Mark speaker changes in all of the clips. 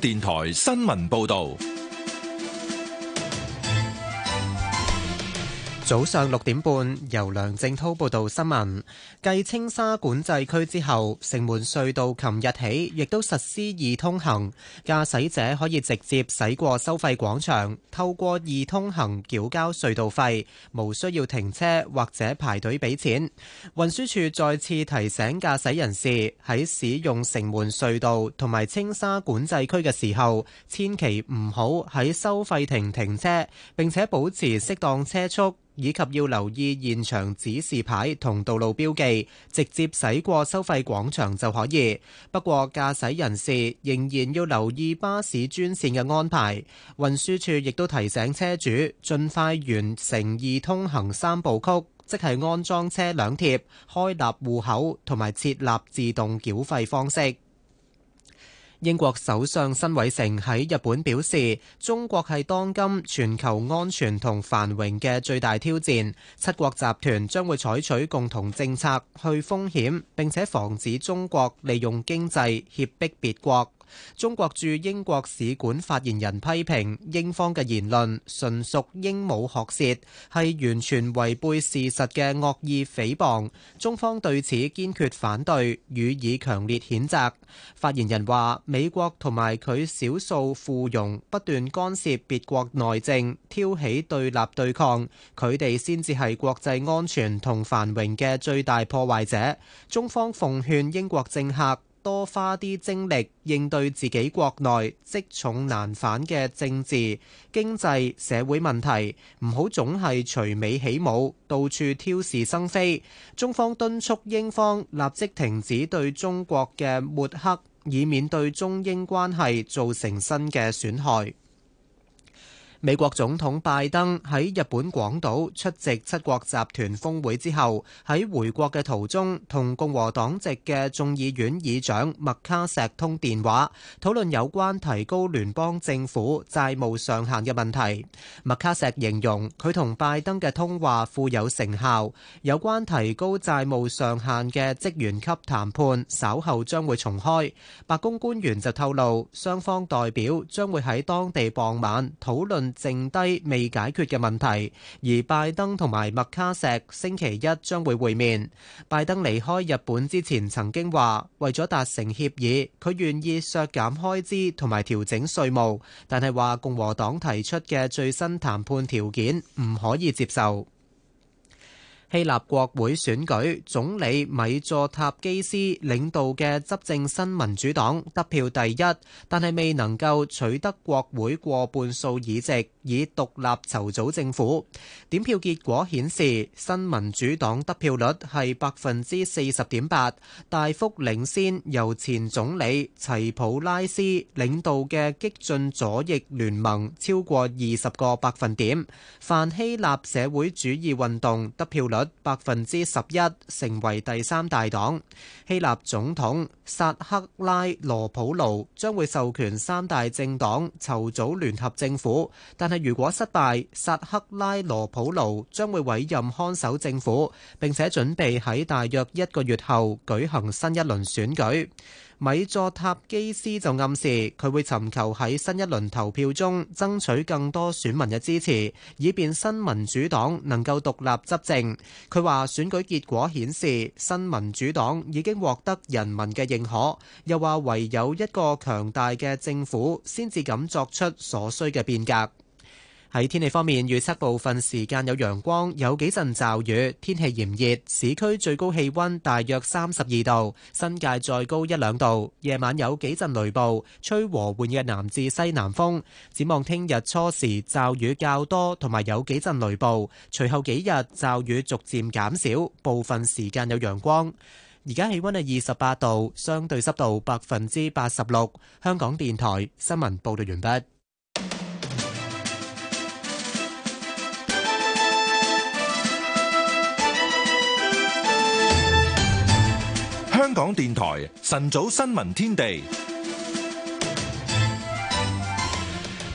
Speaker 1: 電台新聞報道。
Speaker 2: 早上六點半，由梁正濤報道新聞。繼青沙管制區之後，城門隧道琴日起亦都實施易通行，駕駛者可以直接駛過收費廣場，透過易通行繳交隧道費，無需要停車或者排隊俾錢。運輸處再次提醒駕駛人士喺使用城門隧道同埋青沙管制區嘅時候，千祈唔好喺收費亭停車，並且保持適當車速。以及要留意現場指示牌同道路標記，直接駛過收費廣場就可以。不過，駕駛人士仍然要留意巴士專線嘅安排。運輸處亦都提醒車主，盡快完成易通行三步曲，即係安裝車輛貼、開立戶口同埋設立自動繳費方式。英國首相辛偉誠喺日本表示，中國係當今全球安全同繁榮嘅最大挑戰。七國集團將會採取共同政策去風險，並且防止中國利用經濟脅迫別國。中國駐英國使館發言人批評英方嘅言論純屬鸚鵡學舌，係完全違背事實嘅惡意誹謗。中方對此堅決反對，予以強烈譴責。發言人話：美國同埋佢少數附庸不斷干涉別國內政，挑起對立對抗，佢哋先至係國際安全同繁榮嘅最大破壞者。中方奉勸英國政客，多花啲精力應對自己國內積重難返嘅政治、經濟、社會問題，唔好總係隨美起舞，到處挑事生非。中方敦促英方立即停止對中國嘅抹黑，以免對中英關係造成新嘅損害。美國總統拜登喺日本廣島出席七國集團峰會之後，喺回國嘅途中同共和黨籍嘅眾議院議長麥卡錫通電話，討論有關提高聯邦政府債務上限嘅問題。麥卡錫形容佢同拜登嘅通話富有成效，有關提高債務上限嘅職員級談判稍後將會重開。白宮官員就透露，雙方代表將會喺當地傍晚討論剩低未解決嘅問題，而拜登同埋麥卡錫星期一將會會面。拜登離開日本之前曾經話，為咗達成協議，佢願意削減開支同埋調整稅務，但係話共和黨提出嘅最新談判條件唔可以接受。希臘國會選舉，總理米佐塔基斯領導嘅執政新民主黨得票第一，但係未能夠取得國會過半數議席，以獨立籌組政府。點票結果顯示，新民主黨得票率係百分之四十點八，大幅領先由前總理齊普拉斯領導嘅激進左翼聯盟超過二十個百分點。泛希臘社會主義運動得票率百分之十一，成為第三大黨。希臘總統薩克拉羅普盧將會授權三大政黨籌組聯合政府，但係如果失敗，薩克拉羅普盧將會委任看守政府，並且準備喺大約一個月後舉行新一輪選舉。米佐塔基斯就暗示佢會尋求喺新一輪投票中爭取更多選民嘅支持，以便新民主黨能夠獨立執政。佢話選舉結果顯示新民主黨已經獲得人民嘅認可，又話唯有一個強大嘅政府先至敢作出所需嘅變革。喺天氣方面，預測部分時間有陽光，有幾陣驟雨，天氣炎熱，市區最高氣溫大約三十二度，新界再高一兩度。夜晚有幾陣雷暴，吹和緩嘅南至西南風。展望聽日初時驟雨較多，同埋有幾陣雷暴，隨後幾日驟雨逐漸減少，部分時間有陽光。而家氣溫係二十八度，相對濕度百分之八十六。香港電台新聞報道完畢。
Speaker 1: 香港電台晨早新聞天地，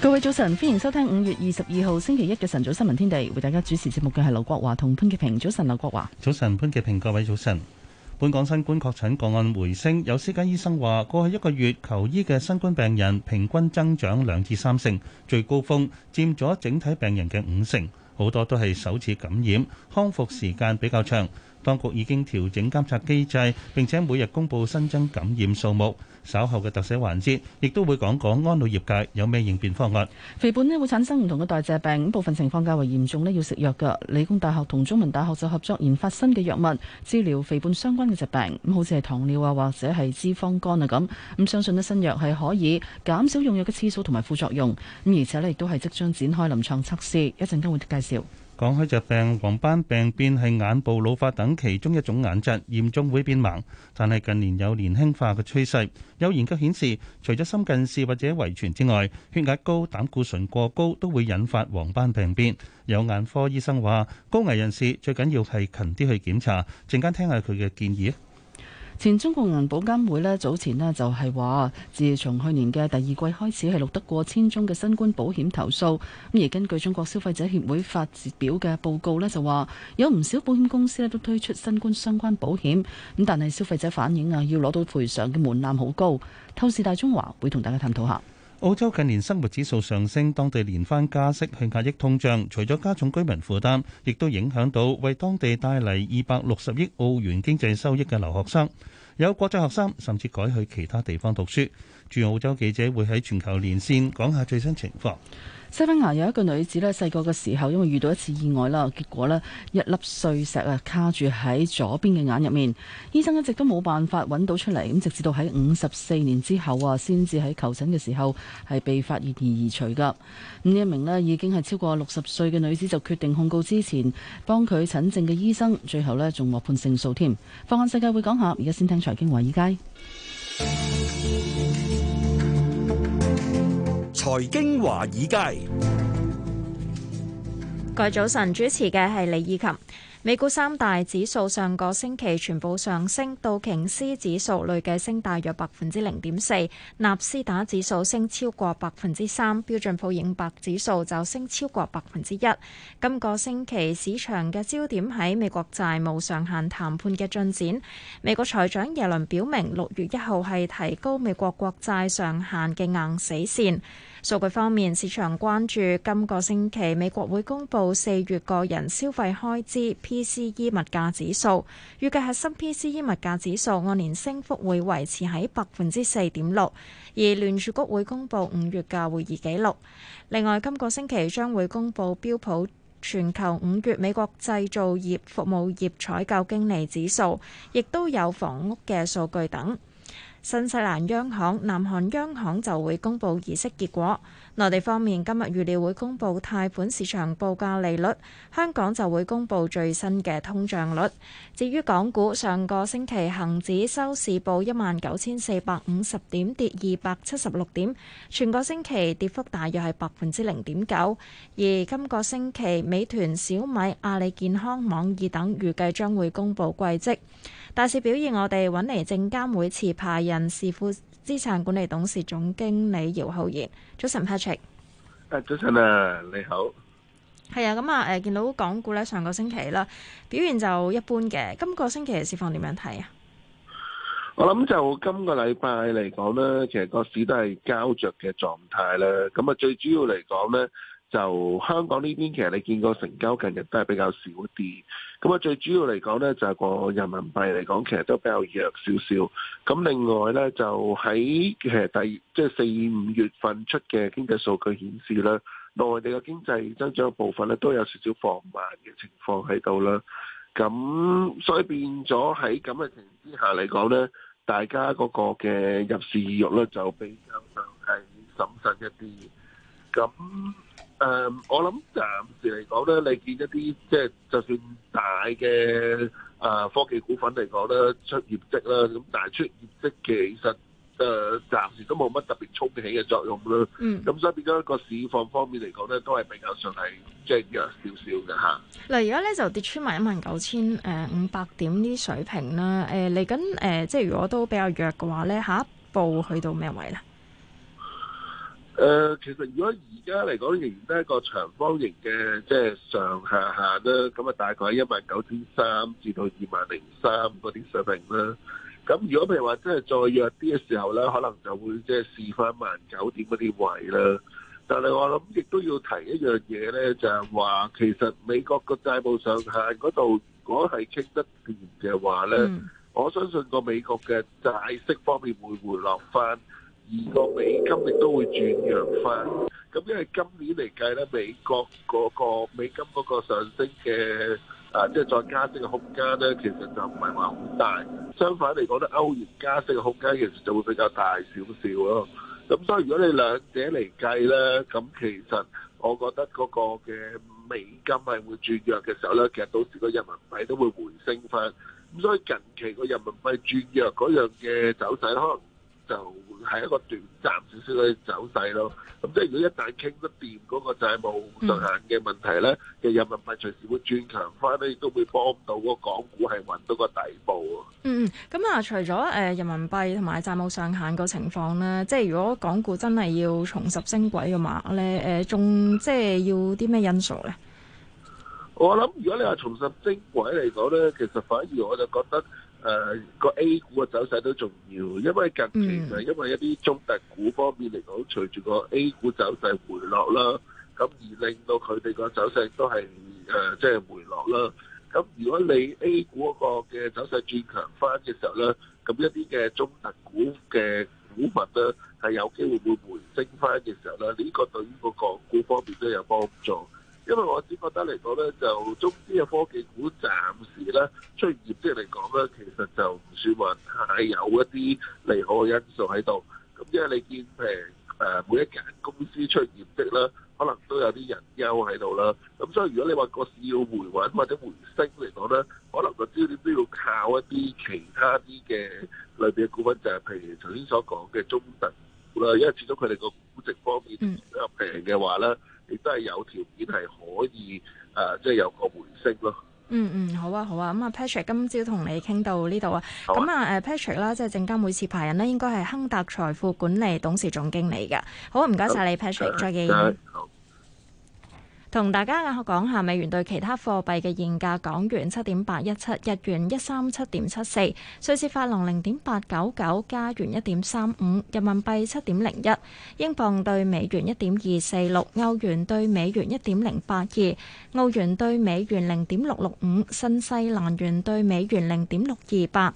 Speaker 3: 各位早晨，歡迎收聽五月二十二號星期一嘅晨早新聞天地，為大家主持節目嘅係劉國華同潘潔平。早晨，劉國華，
Speaker 4: 早晨，潘潔平，各位早晨。本港新冠確診個案回升，有私家醫生話，過去一個月求醫嘅新冠病人平均增長兩至三成，最高峰佔咗整體病人嘅五成，好多都係首次感染，康復時間比較長。當局已經調整監察機制，並且每日公布新增感染數目。稍後嘅特寫環節，亦都會講講安老業界有咩應變方案。
Speaker 3: 肥胖呢會產生唔同嘅代謝病，部分情況較為嚴重呢要食藥㗎。理工大學同中文大學就合作研發新嘅藥物，治療肥胖相關嘅疾病。咁好似係糖尿啊，或者係脂肪肝啊咁。咁相信呢新藥係可以減少用藥嘅次數同埋副作用。咁而且呢亦都係即將展開臨床測試。一陣間會介紹。
Speaker 4: 講開疾病，黃斑病變係眼部老化等其中一種眼疾，嚴重會變盲，但係近年有年輕化嘅趨勢。有研究顯示，除咗深近視或者遺傳之外，血壓高、膽固醇過高都會引發黃斑病變。有眼科醫生話，高危人士最緊要係勤啲去檢查，陣間聽下佢嘅建議。
Speaker 3: 前中國銀保監會咧早前咧就係話，自從去年嘅第二季開始係錄得過千宗嘅新冠保險投訴，咁而根據中國消費者協會發表嘅報告呢就話，有唔少保險公司咧都推出新冠相關保險，咁但係消費者反映啊，要攞到賠償嘅門檻好高。透視大中華會同大家探討下。澳洲近年生活指數上升，
Speaker 4: 當地連番加息去壓抑通脹，除咗加重居民負擔，亦都影響到為當地帶嚟二百六十億澳元經濟收益嘅留學生。有國際學生甚至改去其他地方讀書。駐澳洲記者會喺全球連線講下最新情況。
Speaker 3: 西班牙有一個女子咧，細個嘅時候因為遇到一次意外啦，結果咧一粒碎石啊卡住喺左邊嘅眼入面，醫生一直都冇辦法揾到出嚟，咁直至到喺五十四年之後啊，先至喺求診嘅時候係被發現而移除噶。咁一名咧已經係超過六十歲嘅女子就決定控告之前幫佢診症嘅醫生，最後咧仲獲判勝訴添。《放眼世界》會講下，而家先聽財經華爾街。
Speaker 1: 財經華爾街，
Speaker 5: 各位早晨，主持嘅係李以琴。美股三大指數上個星期全部上升，道瓊斯指數累計升大約百分之零點四，納斯達指數升超過百分之三，標準普爾五百指數就升超過百分之一。今個星期市場嘅焦點喺美國債務上限談判嘅進展。美國財長耶倫表明，六月一號係提高美國國債上限嘅硬死線。數據方面，市場關注今個星期美國會公佈四月個人消費開支 PCE 物價指數，預計核心 PCE 物價指數按年升幅會維持喺百分之四點六。而聯儲局會公佈五月嘅會議記錄。另外，今個星期將會公佈標普全球五月美國製造業、服務業採購經理指數，亦都有房屋嘅數據等。新西蘭央行、南韓央行就會公佈議息結果。內地方面今日預料會公布貸款市場報價利率，香港就會公布最新嘅通脹率。至於港股，上個星期恒指收市報一萬九千四百五十點，跌二百七十六點，全個星期跌幅大約係百分之零點九。而今個星期，美團、小米、阿里健康、網易等預計將會公布季績，大市表現我哋搵嚟證監會持牌人士視乎」。資產管理董事總經理姚浩然，早晨 Patrick。
Speaker 6: 誒，早晨啊，你好。
Speaker 5: 係啊，咁啊，誒，見到港股咧，上個星期啦，表現就一般嘅。今個星期嘅市況點樣睇啊？
Speaker 6: 我諗就今個禮拜嚟講咧，其實個市都係膠着嘅狀態啦。咁啊，最主要嚟講呢。就香港呢邊，其實你見過成交近日都係比較少啲。咁啊，最主要嚟講咧，就係個人民幣嚟講，其實都比較弱少少。咁另外咧，就喺其實第即係四五月份出嘅經濟數據顯示咧，內地嘅經濟增長嘅部分咧都有少少放慢嘅情況喺度啦。咁所以變咗喺咁嘅情形之下嚟講咧，大家嗰個嘅入市意欲咧就比較上係審慎一啲。咁誒，um, 我諗暫時嚟講咧，你見一啲即係就算大嘅誒、呃、科技股份嚟講咧出業績啦，咁但係出業績其實誒暫、呃、時都冇乜特別衝起嘅作用啦。嗯。咁、嗯、所以變咗一個市況方面嚟講咧，都係比較上係即係弱少少嘅吓。嗱，
Speaker 5: 而家咧就跌穿埋一萬九千誒五百點呢啲水平啦。誒嚟緊誒即係如果都比較弱嘅話咧，下一步去到咩位咧？
Speaker 6: 誒、呃，其實如果而家嚟講，仍然都係一個長方形嘅，即、就、係、是、上下限啦。咁啊，大概一萬九點三至到二萬零三嗰啲水平啦。咁如果譬如話，即係再弱啲嘅時候咧，可能就會即係試翻萬九點嗰啲位啦。但係我諗，亦都要提一樣嘢咧，就係、是、話其實美國個債務上限嗰度，如果係傾得掂嘅話咧，嗯、我相信個美國嘅債息方面會回落翻。而個美金亦都會轉弱翻，咁因為今年嚟計咧，美國嗰個美金嗰個上升嘅啊，即係再加息嘅空間咧，其實就唔係話好大。相反嚟講咧，歐元加息嘅空間其實就會比較大少少咯。咁所以如果你兩者嚟計咧，咁其實我覺得嗰個嘅美金係會轉弱嘅時候咧，其實導致個人民幣都會回升翻。咁所以近期個人民幣轉弱嗰樣嘅走勢，可能。就係一個短暫少少嘅走勢咯。咁即係如果一旦傾得掂嗰個債務上限嘅問題咧，嘅、嗯、人民幣隨時會轉強翻，咧亦都會幫到個港股係揾到個底部、啊嗯。嗯
Speaker 5: 嗯，咁、嗯、啊，除咗誒人民幣同埋債務上限個情況咧，即係如果港股真係要重拾升軌嘅話咧，誒、呃、仲即係要啲咩因素咧？
Speaker 6: 我諗如果你話重拾升軌嚟講咧，其實反而我就覺得。誒個 A 股嘅走勢都重要，因為近期就係因為一啲中特股方面嚟講，隨住個 A 股走勢回落啦，咁而令到佢哋個走勢都係誒即係回落啦。咁如果你 A 股嗰個嘅走勢轉強翻嘅時候咧，咁一啲嘅中特股嘅股份咧係有機會會回升翻嘅時候咧，呢個對於個港股方面都有幫助。因為我只覺得嚟講咧，就中資嘅科技股暫時咧出現業績嚟講咧，其實就唔算話太有一啲利好嘅因素喺度。咁因為你見誒誒每一間公司出現業績咧，可能都有啲人憂喺度啦。咁所以如果你話個市要回穩或者回升嚟講咧，可能個焦點都要靠一啲其他啲嘅裏面嘅股份，就係、是、譬如頭先所講嘅中特股啦，因為始終佢哋個估值方面比較平嘅話咧。嗯亦都係有條件係可以誒，即係
Speaker 5: 有個回升咯。嗯嗯，好啊好啊，咁啊 Patrick，今朝同你傾到呢度啊。好啊。咁啊誒 Patrick 啦，即係證監會持牌人咧，應該係亨達財富管理董事總經理嘅。好啊，唔該晒你那 Patrick，再見。啊啊啊同大家講下美元對其他貨幣嘅現價：港元七點八一七，日元一三七點七四，瑞士法郎零點八九九，加元一點三五，人民幣七點零一，英鎊對美元一點二四六，歐元對美元一點零八二，澳元對美元零點六六五，新西蘭元對美元零點六二八。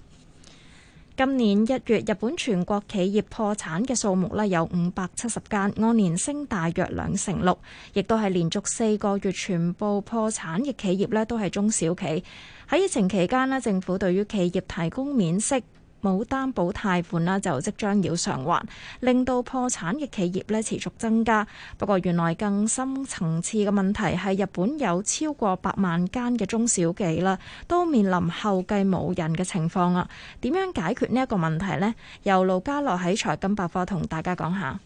Speaker 5: 今年一月，日本全國企業破產嘅數目呢有五百七十間，按年升大約兩成六，亦都係連續四個月全部破產嘅企業呢都係中小企。喺疫情期間呢，政府對於企業提供免息冇擔保貸款啦，就即將要償還，令到破產嘅企業咧持續增加。不過，原來更深層次嘅問題係日本有超過百萬間嘅中小企啦，都面臨後繼無人嘅情況啊。點樣解決呢一個問題咧？由盧嘉樂喺財金百科同大家講下。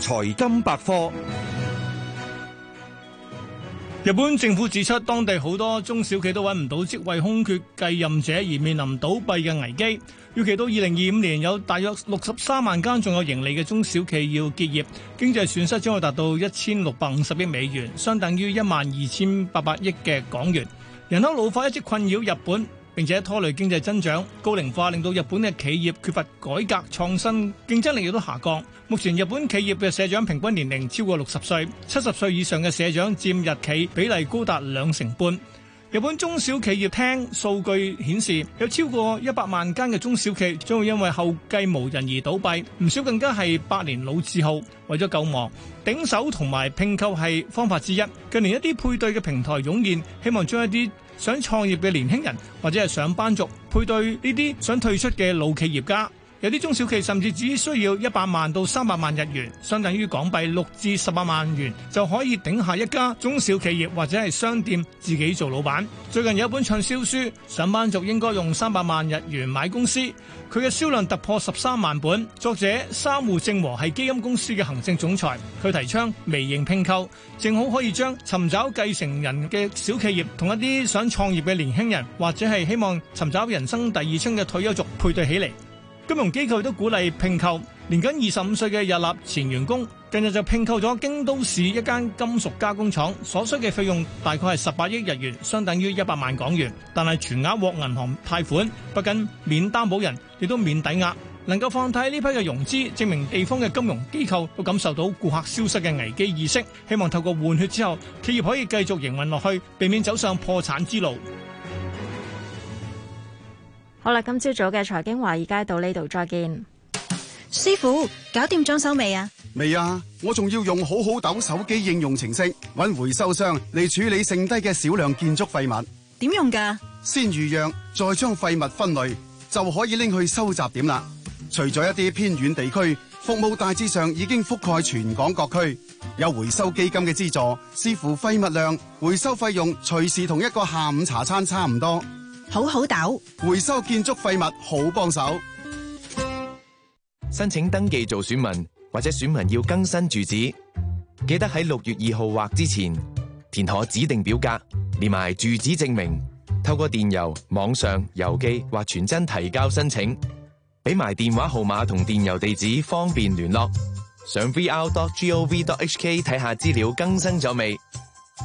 Speaker 7: 財金百科。日本政府指出，當地好多中小企都搵唔到職位空缺繼任者，而面臨倒閉嘅危機。預期到二零二五年，有大約六十三萬間仲有盈利嘅中小企要結業，經濟損失將會達到一千六百五十億美元，相等於一萬二千八百億嘅港元。人口老化一直困擾日本，並且拖累經濟增長，高齡化令到日本嘅企業缺乏改革創新，競爭力亦都下降。目前日本企業嘅社長平均年齡超過六十歲，七十歲以上嘅社長佔日企比例高達兩成半。日本中小企業廳數據顯示，有超過一百萬間嘅中小企業將會因為後繼無人而倒閉，唔少更加係百年老字號，為咗救亡，頂手同埋併購係方法之一。近年一啲配對嘅平台湧現，希望將一啲想創業嘅年輕人或者係上班族配對呢啲想退出嘅老企業家。有啲中小企甚至只需要一百萬到三百萬日元，相等於港幣六至十八萬元就可以頂下一家中小企業或者係商店自己做老闆。最近有一本暢銷書《上班族應該用三百萬日元買公司》，佢嘅銷量突破十三萬本。作者三戶正和係基金公司嘅行政總裁，佢提倡微型拼購，正好可以將尋找繼承人嘅小企業同一啲想創業嘅年輕人或者係希望尋找人生第二春嘅退休族配對起嚟。金融機構都鼓勵併購，年僅二十五歲嘅日立前員工近日就併購咗京都市一間金屬加工廠，所需嘅費用大概係十八億日元，相等於一百萬港元。但係全額獲銀行貸款，不僅免擔保人，亦都免抵押，能夠放貸呢批嘅融資，證明地方嘅金融機構都感受到顧客消失嘅危機意識，希望透過換血之後，企業可以繼續營運落去，避免走上破產之路。
Speaker 5: 好啦，今朝早嘅財經華爾街到呢度再見。師傅，搞掂裝修未啊？
Speaker 8: 未啊，我仲要用好好斗手機應用程式揾回收商嚟處理剩低嘅少量建築廢物。點用㗎？先預約，再將廢物分類，就可以拎去收集點啦。除咗一啲偏遠地區，服務大致上已經覆蓋全港各區。有回收基金嘅資助，視乎廢物量，回收費用隨時同一個下午茶餐差唔多。好好斗，回收建築廢物好幫手。申請登記做選民或者選民要更新住址，記得喺六月二號或之前填妥指定表格，連埋住址證明，透過電郵、網上郵寄或傳真提交申請，俾埋電話號碼同電郵地址方便聯絡。上 vr.gov.hk 睇下資料更新咗未？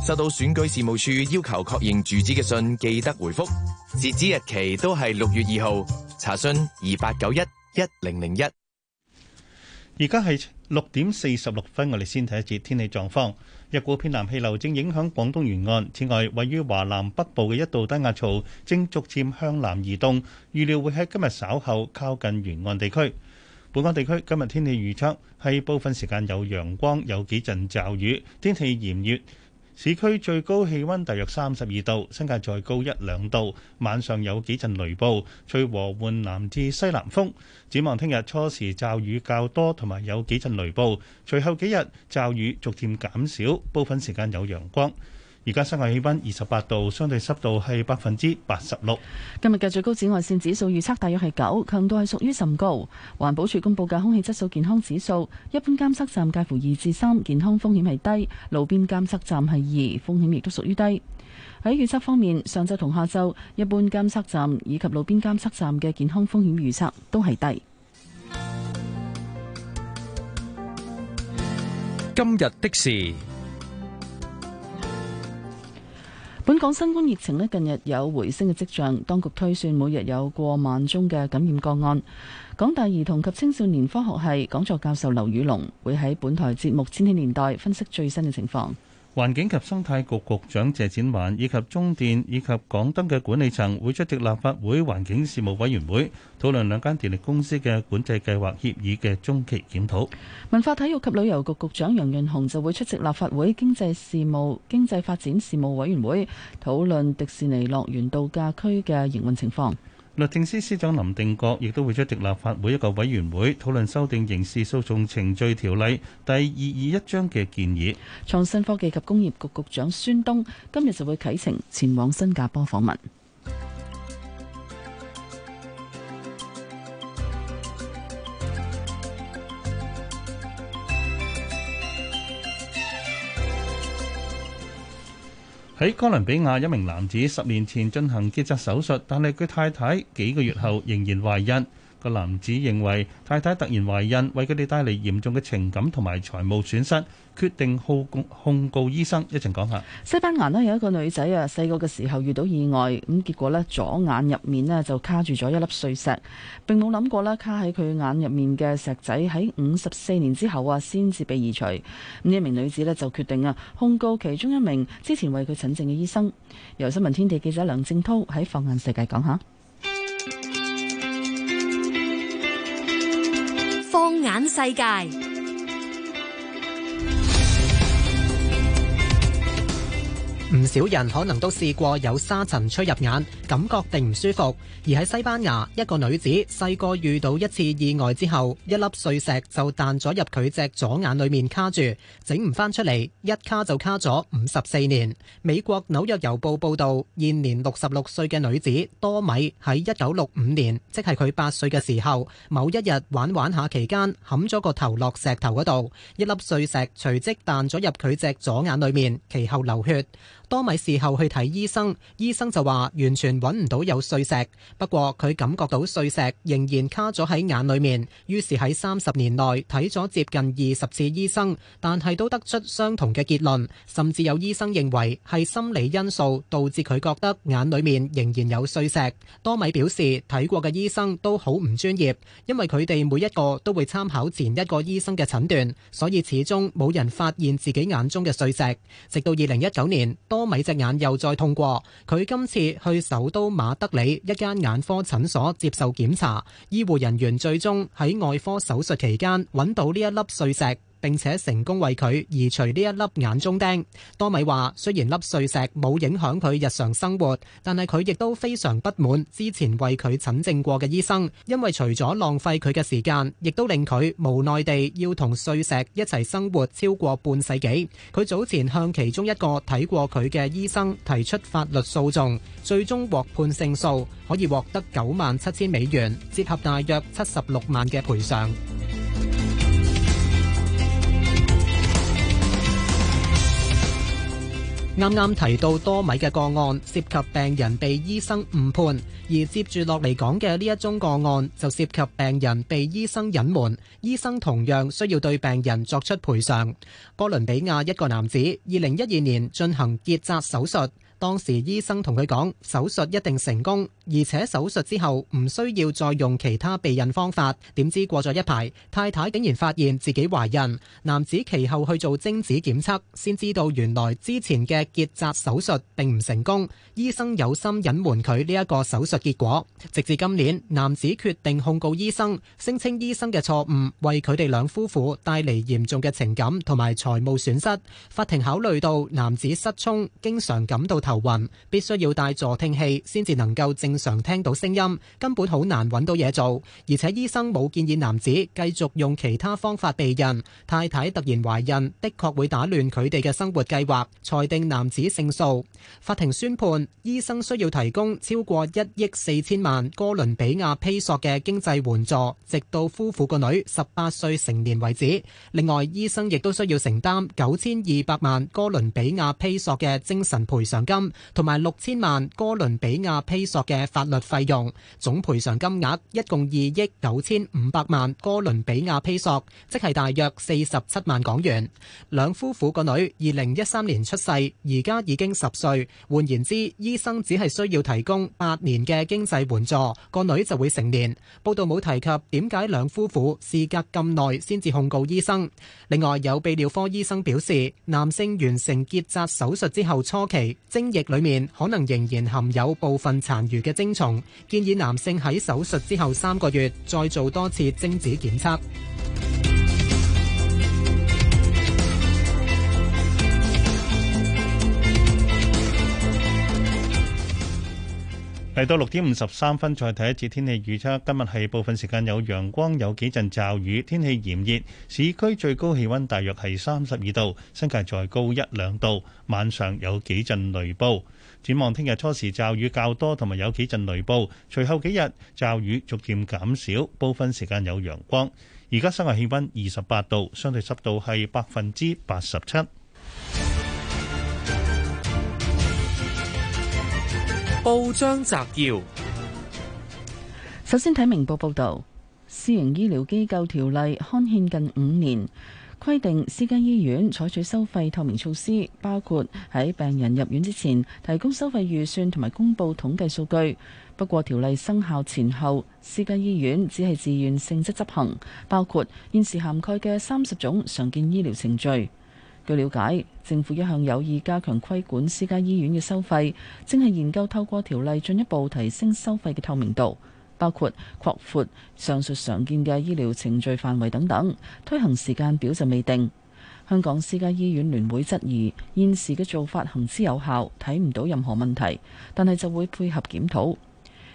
Speaker 8: 收到選舉事務處要求確認住址嘅信，記得回覆。截止日
Speaker 9: 期都係六月二號。查詢
Speaker 4: 二八九一一零零一。而家係六點四十六分，我哋先睇一節天氣狀況。一股偏南氣流正影響廣東沿岸，此外位於華南北部嘅一道低壓槽正逐漸向南移動，預料會喺今日稍後靠近沿岸地區。本港地區今日天氣預測係部分時間有陽光，有幾陣驟雨，天氣炎熱。市區最高氣温大約三十二度，新界再高一兩度。晚上有幾陣雷暴，吹和緩南至西南風。展望聽日初時驟雨較多，同埋有幾陣雷暴，隨後幾日驟雨逐漸減少，部分時間有陽光。而家室外氣溫二十八度，相對濕度係百分之八十六。
Speaker 3: 今日嘅最高紫外線指數預測大約係九，強度係屬於甚高。環保署公布嘅空氣質素健康指數，一般監測站介乎二至三，健康風險係低；路邊監測站係二，風險亦都屬於低。喺預測方面，上晝同下晝，一般監測站以及路邊監測站嘅健康風險預測都係低。
Speaker 10: 今日的事。
Speaker 3: 本港新冠疫情咧近日有回升嘅跡象，當局推算每日有過萬宗嘅感染個案。港大兒童及青少年科學系講座教授劉宇龍會喺本台節目《千禧年代》分析最新嘅情況。環境
Speaker 4: 及生態局局長謝展寰以及中電以及港燈嘅管理層會出席立法會環境事務委員會討論兩間電力公司嘅管制計劃協議嘅中期檢討。
Speaker 3: 文化體育及旅遊局局長楊潤雄就會出席立法會經濟事務、經濟發展事務委員會討論迪士尼樂園度假區嘅營運情況。
Speaker 4: 律政司司長林定國亦都會出席立法會一個委員會討論修訂刑事訴訟程序條例第二二一章嘅建議。創新科技及工業局
Speaker 3: 局長孫東今日就會啟程前往新加坡訪問。
Speaker 4: 喺哥倫比亞，一名男子十年前進行結紮手術，但係佢太太幾個月後仍然懷孕。個男子認為太太突然懷孕，為佢哋帶嚟嚴重嘅情感同埋財務損失，決定控告，控告醫生。一齊
Speaker 3: 講下。西班牙呢，有一個女仔啊，細個嘅時候遇到意外，咁結果呢，左眼入面呢就卡住咗一粒碎石，並冇諗過呢，卡喺佢眼入面嘅石仔喺五十四年之後啊先至被移除。咁一名女子呢，就決定啊控告其中一名之前為佢診症嘅醫生。由新聞天地記者梁正濤喺放眼世界講下。
Speaker 11: 放眼世界。
Speaker 2: 唔少人可能都試過有沙塵吹入眼，感覺定唔舒服。而喺西班牙，一個女子細個遇到一次意外之後，一粒碎石就彈咗入佢隻左眼裏面卡住，整唔返出嚟，一卡就卡咗五十四年。美國紐約郵報報道，現年六十六歲嘅女子多米喺一九六五年，即係佢八歲嘅時候，某一日玩玩下期間，冚咗個頭落石頭嗰度，一粒碎石隨即彈咗入佢隻左眼裏面，其後流血。多米事後去睇醫生，醫生就話完全搵唔到有碎石，不過佢感覺到碎石仍然卡咗喺眼裏面，於是喺三十年內睇咗接近二十次醫生，但係都得出相同嘅結論，甚至有醫生認為係心理因素導致佢覺得眼裏面仍然有碎石。多米表示，睇過嘅醫生都好唔專業，因為佢哋每一個都會參考前一個醫生嘅診斷，所以始終冇人發現自己眼中嘅碎石。直到二零一九年，多米隻眼又再痛過，佢今次去首都馬德里一間眼科診所接受檢查，醫護人員最終喺外科手術期間揾到呢一粒碎石。並且成功為佢移除呢一粒眼中釘。多米話：雖然粒碎石冇影響佢日常生活，但係佢亦都非常不滿之前為佢診症過嘅醫生，因為除咗浪費佢嘅時間，亦都令佢無奈地要同碎石一齊生活超過半世紀。佢早前向其中一個睇過佢嘅醫生提出法律訴訟，最終獲判勝訴，可以獲得九萬七千美元，折合大約七十六萬嘅賠償。啱啱提到多米嘅個案，涉及病人被醫生誤判，而接住落嚟講嘅呢一宗個案就涉及病人被醫生隱瞞，醫生同樣需要對病人作出賠償。哥倫比亞一個男子，二零一二年進行結紮手術。當時醫生同佢講，手術一定成功，而且手術之後唔需要再用其他避孕方法。點知過咗一排，太太竟然發現自己懷孕。男子其後去做精子檢測，先知道原來之前嘅結紮手術並唔成功。醫生有心隱瞞佢呢一個手術結果。直至今年，男子決定控告醫生，聲稱醫生嘅錯誤為佢哋兩夫婦帶嚟嚴重嘅情感同埋財務損失。法庭考慮到男子失聰，經常感到頭暈，必須要戴助聽器先至能夠正常聽到聲音，根本好難揾到嘢做。而且醫生冇建議男子繼續用其他方法避孕。太太突然懷孕的確會打亂佢哋嘅生活計劃，裁定男子勝訴。法庭宣判，醫生需要提供超過一億四千萬哥倫比亞披索嘅經濟援助，直到夫婦個女十八歲成年為止。另外，醫生亦都需要承擔九千二百萬哥倫比亞披索嘅精神賠償金。同埋六千萬哥倫比亞披索嘅法律費用，總賠償金額一共二億九千五百萬哥倫比亞披索，即係大約四十七萬港元。兩夫婦個女二零一三年出世，而家已經十歲。換言之，醫生只係需要提供八年嘅經濟援助，個女就會成年。報道冇提及點解兩夫婦事隔咁耐先至控告醫生。另外，有泌尿科醫生表示，男性完成結紮手術之後初期液裏面可能仍然含有部分殘餘嘅精蟲，建議男性喺手術之後三個月再做多次精子檢測。
Speaker 4: 嚟到六點五十三分，再睇一次天氣預測。今日係部分時間有陽光，有幾陣驟雨，天氣炎熱。市區最高氣溫大約係三十二度，新界再高一兩度。晚上有幾陣雷暴。展望聽日初時驟雨較多，同埋有幾陣雷暴。隨後幾日驟雨逐漸減少，部分時間有陽光。而家室外氣溫二十八度，相對濕度係百分之八十七。報章摘要：
Speaker 3: 首先睇明報報道，私營醫療機構條例刊憲近五年，規定私家醫院採取收費透明措施，包括喺病人入院之前提供收費預算同埋公布統計數據。不過條例生效前後，私家醫院只係自願性質執行，包括現時涵蓋嘅三十種常見醫療程序。據了解，政府一向有意加強規管私家醫院嘅收費，正係研究透過條例進一步提升收費嘅透明度，包括擴闊上述常見嘅醫療程序範圍等等。推行時間表就未定。香港私家醫院聯會質疑現時嘅做法行之有效，睇唔到任何問題，但係就會配合檢討。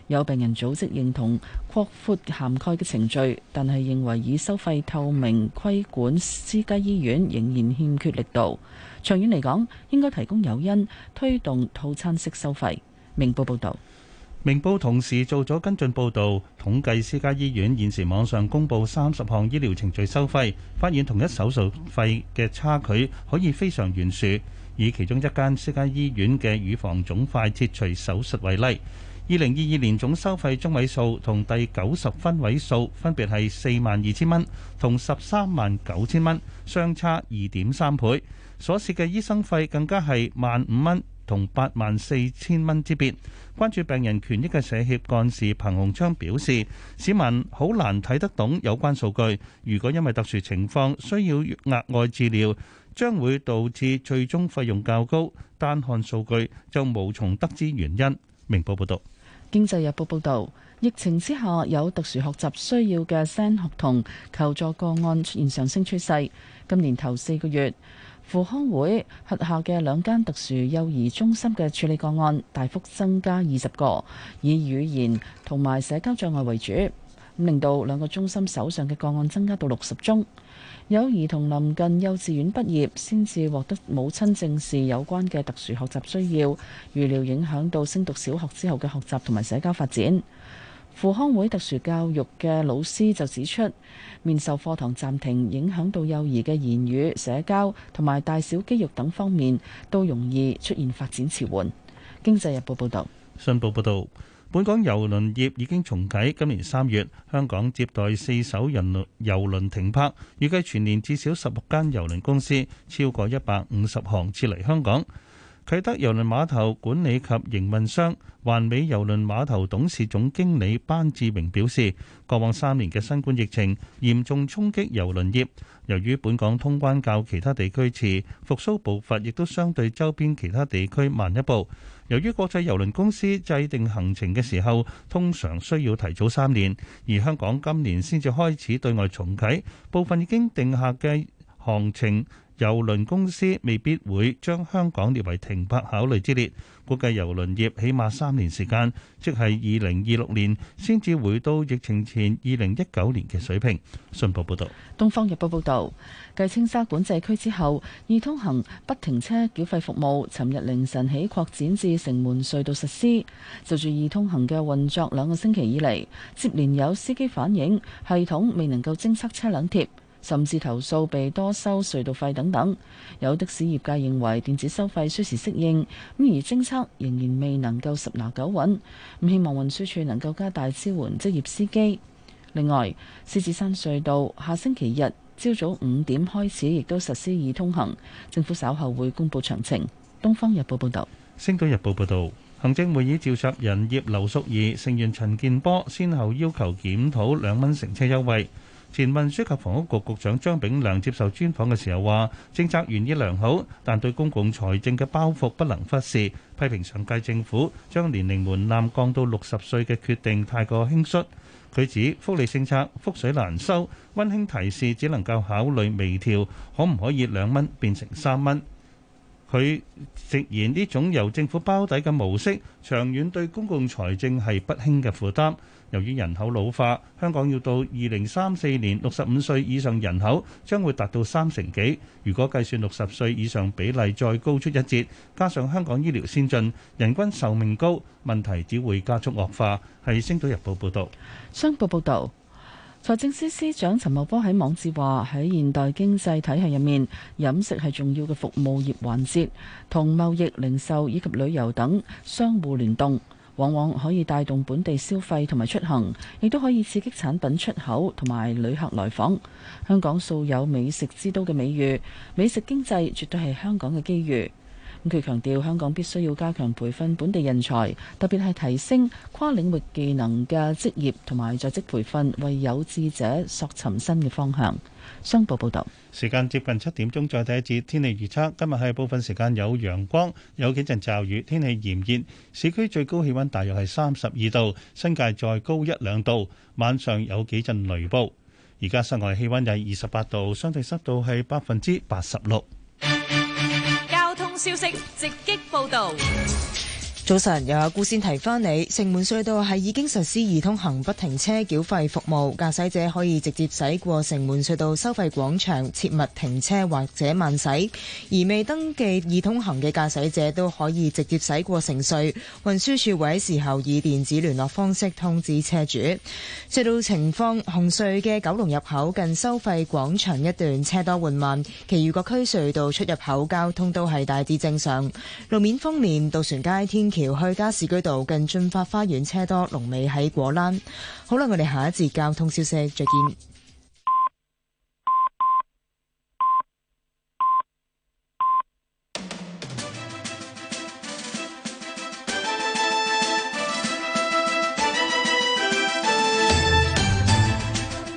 Speaker 3: 有病人組織認同擴闊涵蓋嘅程序，但係認為以收費透明規管私家醫院仍然欠缺力度。長遠嚟講，應該提供誘因推動套餐式收費。明報報道，明報同時
Speaker 4: 做咗跟進報導，統計私家醫院現時網上公布三十項醫療程序收費，發現同一手術費嘅差距可以非常懸殊。以其中一間私家醫院嘅乳房腫塊切除手術為例。二零二二年總收費中位數同第九十分位數分別係四萬二千蚊同十三萬九千蚊，相差二點三倍。所涉嘅醫生費更加係萬五蚊同八萬四千蚊之別。關注病人權益嘅社協幹事彭鴻昌表示，市民好難睇得懂有關數據。如果因為特殊情況需要額外治療，將會導致最終費用較高。單看數據就無從得知原因。明報報道。
Speaker 3: 經濟日報報導，疫情之下有特殊學習需要嘅 SEN 學童求助個案出現上升趨勢。今年頭四個月，扶康會轄下嘅兩間特殊幼兒中心嘅處理個案大幅增加二十個，以語言同埋社交障礙為主，令到兩個中心手上嘅個案增加到六十宗。有兒童臨近幼稚園畢業，先至獲得母親證實有關嘅特殊學習需要，預料影響到升讀小學之後嘅學習同埋社交發展。扶康會特殊教育嘅老師就指出，面授課堂暫停影響到幼兒嘅言語、社交同埋大小肌肉等方面，都容易出現發展遲緩。經濟日報報道。
Speaker 4: 信報報導。本港郵輪業已經重啓，今年三月香港接待四艘郵輪停泊，預計全年至少十六間郵輪公司超過一百五十航次嚟香港。啟德郵輪碼頭管理及營運商環美郵輪碼頭董事總經理班志榮表示，過往三年嘅新冠疫情嚴重衝擊郵輪業，由於本港通關較其他地區遲，復甦步伐亦都相對周邊其他地區慢一步。由於國際郵輪公司制定行程嘅時候，通常需要提早三年，而香港今年先至開始對外重啟，部分已經定下嘅行程，郵輪公司未必會將香港列為停泊考慮之列。估計郵輪業起碼三年時間，即係二零二六年先至回到疫情前二零一九年嘅水平。信報報道，
Speaker 3: 東方日報報道，繼青沙管制區之後，易通行不停車繳費服務尋日凌晨起擴展至城門隧道實施。就住易通行嘅運作兩個星期以嚟，接連有司機反映系統未能夠偵測車輛貼。甚至投訴被多收隧道費等等，有的士業界認為電子收費需時適應，咁而政策仍然未能夠十拿九穩，咁希望運輸署能夠加大支援職業司機。另外，獅子山隧道下星期日朝早五點開始，亦都實施易通行，政府稍後會公布詳情。《東方日報》報道，《
Speaker 4: 星島日報》報道，行政會議召集人葉劉淑儀成員陳建波，先後要求檢討兩蚊乘車優惠。前運輸及房屋局局長張炳良接受專訪嘅時候話：政策原意良好，但對公共財政嘅包袱不能忽視。批評上屆政府將年齡門檻降到六十歲嘅決定太過輕率。佢指福利政策覆水難收，溫馨提示只能夠考慮微調，可唔可以兩蚊變成三蚊？佢直言呢種由政府包底嘅模式，長遠對公共財政係不輕嘅負擔，由於人口老化，香港要到二零三四年，六十五歲以上人口將會達到三成幾，如果計算六十歲以上比例再高出一截，加上香港醫療先進，人均壽命高，問題只會加速惡化。係星
Speaker 3: 島日報報道。商報報導。財政司司長陳茂波喺網誌話：喺現代經濟體系入面，飲食係重要嘅服務業環節，同貿易、零售，以及旅遊等相互聯動，往往可以帶動本地消費同埋出行，亦都可以刺激產品出口同埋旅客來訪。香港素有美食之都嘅美譽，美食經濟絕對係香港嘅機遇。佢強調，香港必須要加強培訓本地人才，特別係提升跨領域技能嘅職業同埋在職培訓，為有志者索尋新嘅方向。商報報導。時間接近
Speaker 4: 七點鐘，再睇一節天氣預測。今日係部分時間有陽光，有幾陣驟雨，天氣炎熱，市區最高氣温大約係三十二度，新界再高一兩度。晚上有幾陣雷暴。而家室外氣温係二十八
Speaker 12: 度，相對濕度係百分之八十六。
Speaker 11: 消息直擊報導。
Speaker 12: 早晨，又有姑先提翻你，城門隧道係已經實施易通行不停車繳費服務，駕駛者可以直接駛過城門隧道收費廣場，切勿停車或者慢駛。而未登記易通行嘅駕駛者都可以直接駛過城隧，運輸署會喺事後以電子聯絡方式通知車主。隧道情況，紅隧嘅九龍入口近收費廣場一段車多緩慢，其餘各區隧道出入口交通都係大致正常。路面方面，渡船街天橋。橋去加士居道近駿發花園車多，龍尾喺果欄。好啦，我哋下一節交通消息，再見。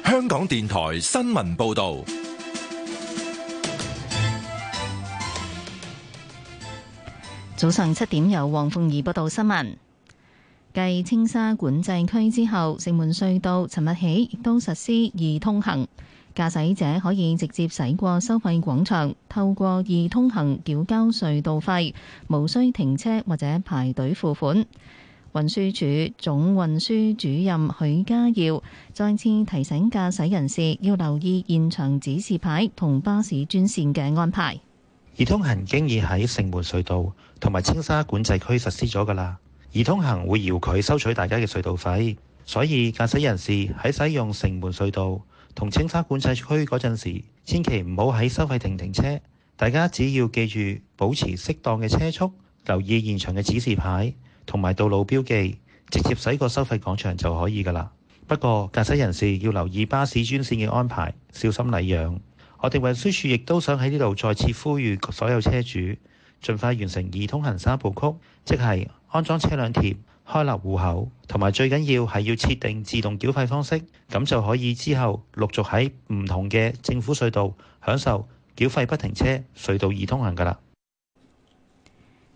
Speaker 1: 香港電台新聞報道。
Speaker 13: 早上七點，由黃鳳儀報道新聞。繼青沙管制區之後，城門隧道，尋日起亦都實施易通行，駕駛者可以直接駛過收費廣場，透過易通行繳交隧道費，無需停車或者排隊付款。運輸署總運輸主任許家耀再次提醒駕駛人士要留意現場指示牌同巴士專線嘅安排。
Speaker 4: 易通行經已喺城門隧道。同埋青沙管制區實施咗㗎喇，而通行會遙距收取大家嘅隧道費，所以駕駛人士喺使用城門隧道同青沙管制區嗰陣時，千祈唔好喺收費亭停，停車。大家只要記住保持適當嘅車速，留意現場嘅指示牌同埋道路標記，直接駛過收費廣場就可以㗎喇。不過駕駛人士要留意巴士專線嘅安排，小心禮讓。我哋運輸署亦都想喺呢度再次呼籲所有車主，盡快完成易通行三步曲，即係安裝車輛貼、開立戶口，同埋最緊要係要設定自動繳費方式，咁就可以之後陸續喺唔同嘅政府隧道享受繳費不停車隧道易通行㗎喇。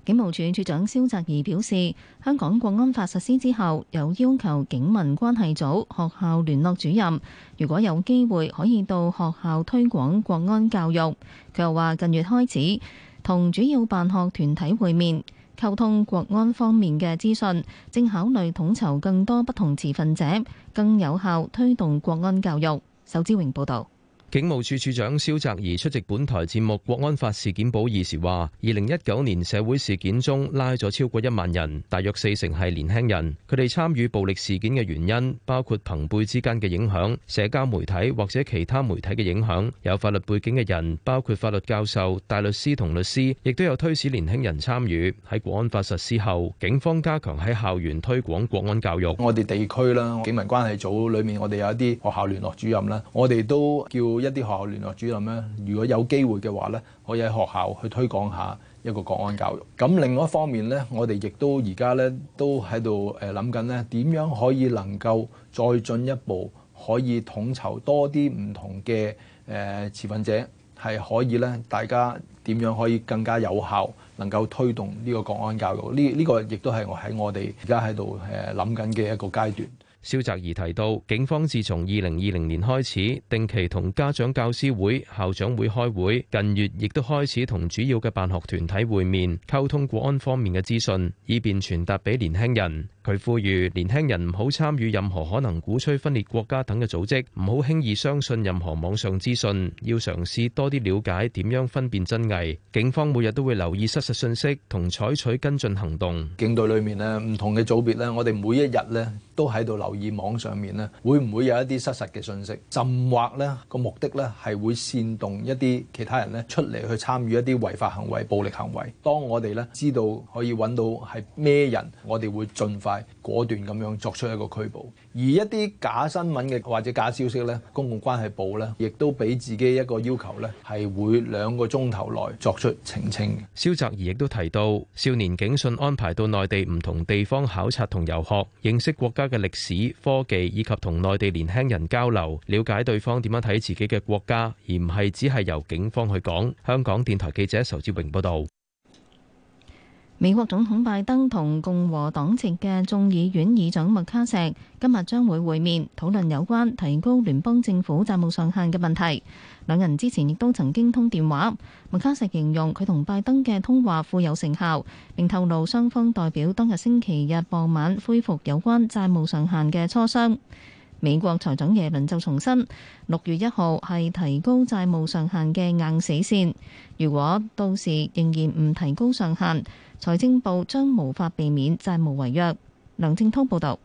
Speaker 13: 警務處處長蕭澤頤表示，香港國安法實施之後，有要求警民關係組、學校聯絡主任如果有機會可以到學校推廣國安教育。佢又話：近月開始，同主要辦學團體會面，溝通國安方面嘅資訊，正考慮統籌更多不同持份者，更有效推動國安教育。仇志榮報道。
Speaker 10: 警務處處長蕭澤頤出席本台節目《國安法事件簿》時話，二零一九年社會事件中拉咗超過一萬人，大約四成係年輕人。佢哋參與暴力事件嘅原因包括朋輩之間嘅影響、社交媒體或者其他媒體嘅影響。有法律背景嘅人，包括法律教授、大律師同律師，亦都有推使年輕人參與。喺國安法實施後，警方加強喺校園推廣國安教育。我哋地
Speaker 9: 區啦，警民關係組裏面，我哋有一啲學校聯絡主任啦，我哋都叫。一啲學校聯絡主任咧，如果有機會嘅話咧，可以喺學校去推廣一下一個國安教育。咁另外一方面咧，我哋亦都而家咧都喺度誒諗緊咧，點樣可以能夠再進一步，可以統籌多啲唔同嘅誒、呃、持份者，係可以咧，大家點樣可以更加有效，能夠推動呢個國安教育。呢呢、呢個亦都係我喺我哋而家喺度誒諗緊嘅一個階段。
Speaker 10: 肖澤怡提到，警方自從二零二零年開始定期同家長教師會、校長會開會，近月亦都開始同主要嘅辦學團體會面，溝通國安方面嘅資訊，以便傳達俾年輕人。佢呼籲年輕人唔好參與任何可能鼓吹分裂國家等嘅組織，唔好輕易相信任何網上資訊，要嘗試多啲了解點樣分辨真偽。警方每日都會留意失實信息，同採取跟進行動。
Speaker 9: 警隊裏面呢，唔同嘅組別呢，我哋每一日呢都喺度留意網上面呢，會唔會有一啲失實嘅信息？甚或呢個目的呢係會煽動一啲其他人呢出嚟去參與一啲違法行為、暴力行為。當我哋呢知道可以搵到係咩人，我哋會盡快。果斷咁樣作出一個拘捕，而一啲假新聞嘅或者假消息呢，公共關係部呢，亦都俾自己一個要求呢，係會兩個鐘頭內作出澄
Speaker 10: 清。蕭澤頤亦都提到，少年警訊安排到內地唔同地方考察同遊學，認識國家嘅歷史、科技以及同內地年輕人交流，了解對方點樣睇自己嘅國家，而唔係只係由警方去講。香港電台記者仇志榮報道。
Speaker 13: 美國總統拜登同共和黨籍嘅眾議院議長麥卡錫今日將會會面，討論有關提高聯邦政府債務上限嘅問題。兩人之前亦都曾經通電話。麥卡錫形容佢同拜登嘅通話富有成效，並透露雙方代表當日星期日傍晚恢復有關債務上限嘅磋商。美國財長耶倫就重申，六月一號係提高債務上限嘅硬死線。如果到時仍然唔提高上限，財政部將無法避免債務違約，梁正濤報道。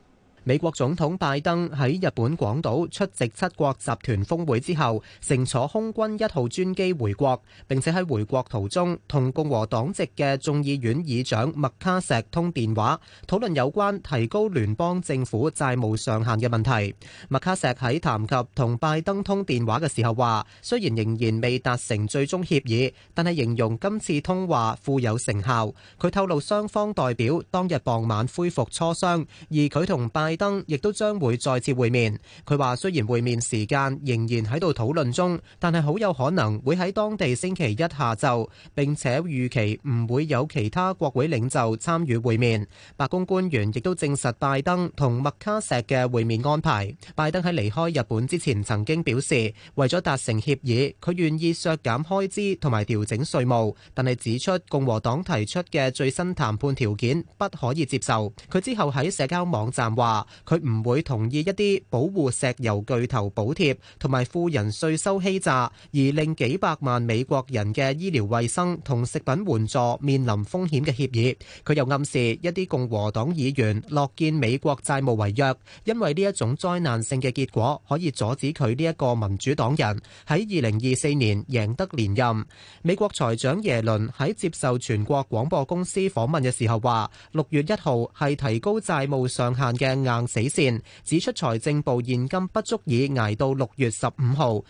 Speaker 2: 美國總統拜登喺日本廣島出席七國集團峰會之後，乘坐空軍一號專機回國，並且喺回國途中同共和黨籍嘅眾議院議長麥卡錫通電話,討論有關提高聯邦政府債務上限嘅問題。麥卡錫喺談及同拜登通電話嘅時候話，雖然仍然未達成最終協議，但係形容今次通話富有成效，佢透露雙方代表當日傍晚恢復磋商，而佢同拜拜登亦都將會再次會面。佢話雖然會面時間仍然喺度討論中，但係好有可能會喺當地星期一下晝，並且預期唔會有其他國會領袖參與會面。白宮官員亦都證實拜登同麥卡錫嘅會面安排。拜登喺離開日本之前曾經表示，為咗達成協議，佢願意削減開支同埋調整稅務，但係指出共和黨提出嘅最新談判條件不可以接受。佢之後喺社交網站話。佢唔會同意一啲保護石油巨頭補貼同埋富人稅收欺詐，而令幾百萬美國人嘅醫療衛生同食品援助面臨風險嘅協議。佢又暗示一啲共和黨議員樂見美國債務違約，因為呢一種災難性嘅結果可以阻止佢呢一個民主黨人喺二零二四年贏得連任。美國財長耶倫喺接受全國廣播公司訪問嘅時候話：六月一號係提高債務上限嘅硬行死線，指出財政部現金不足以捱到6月15號。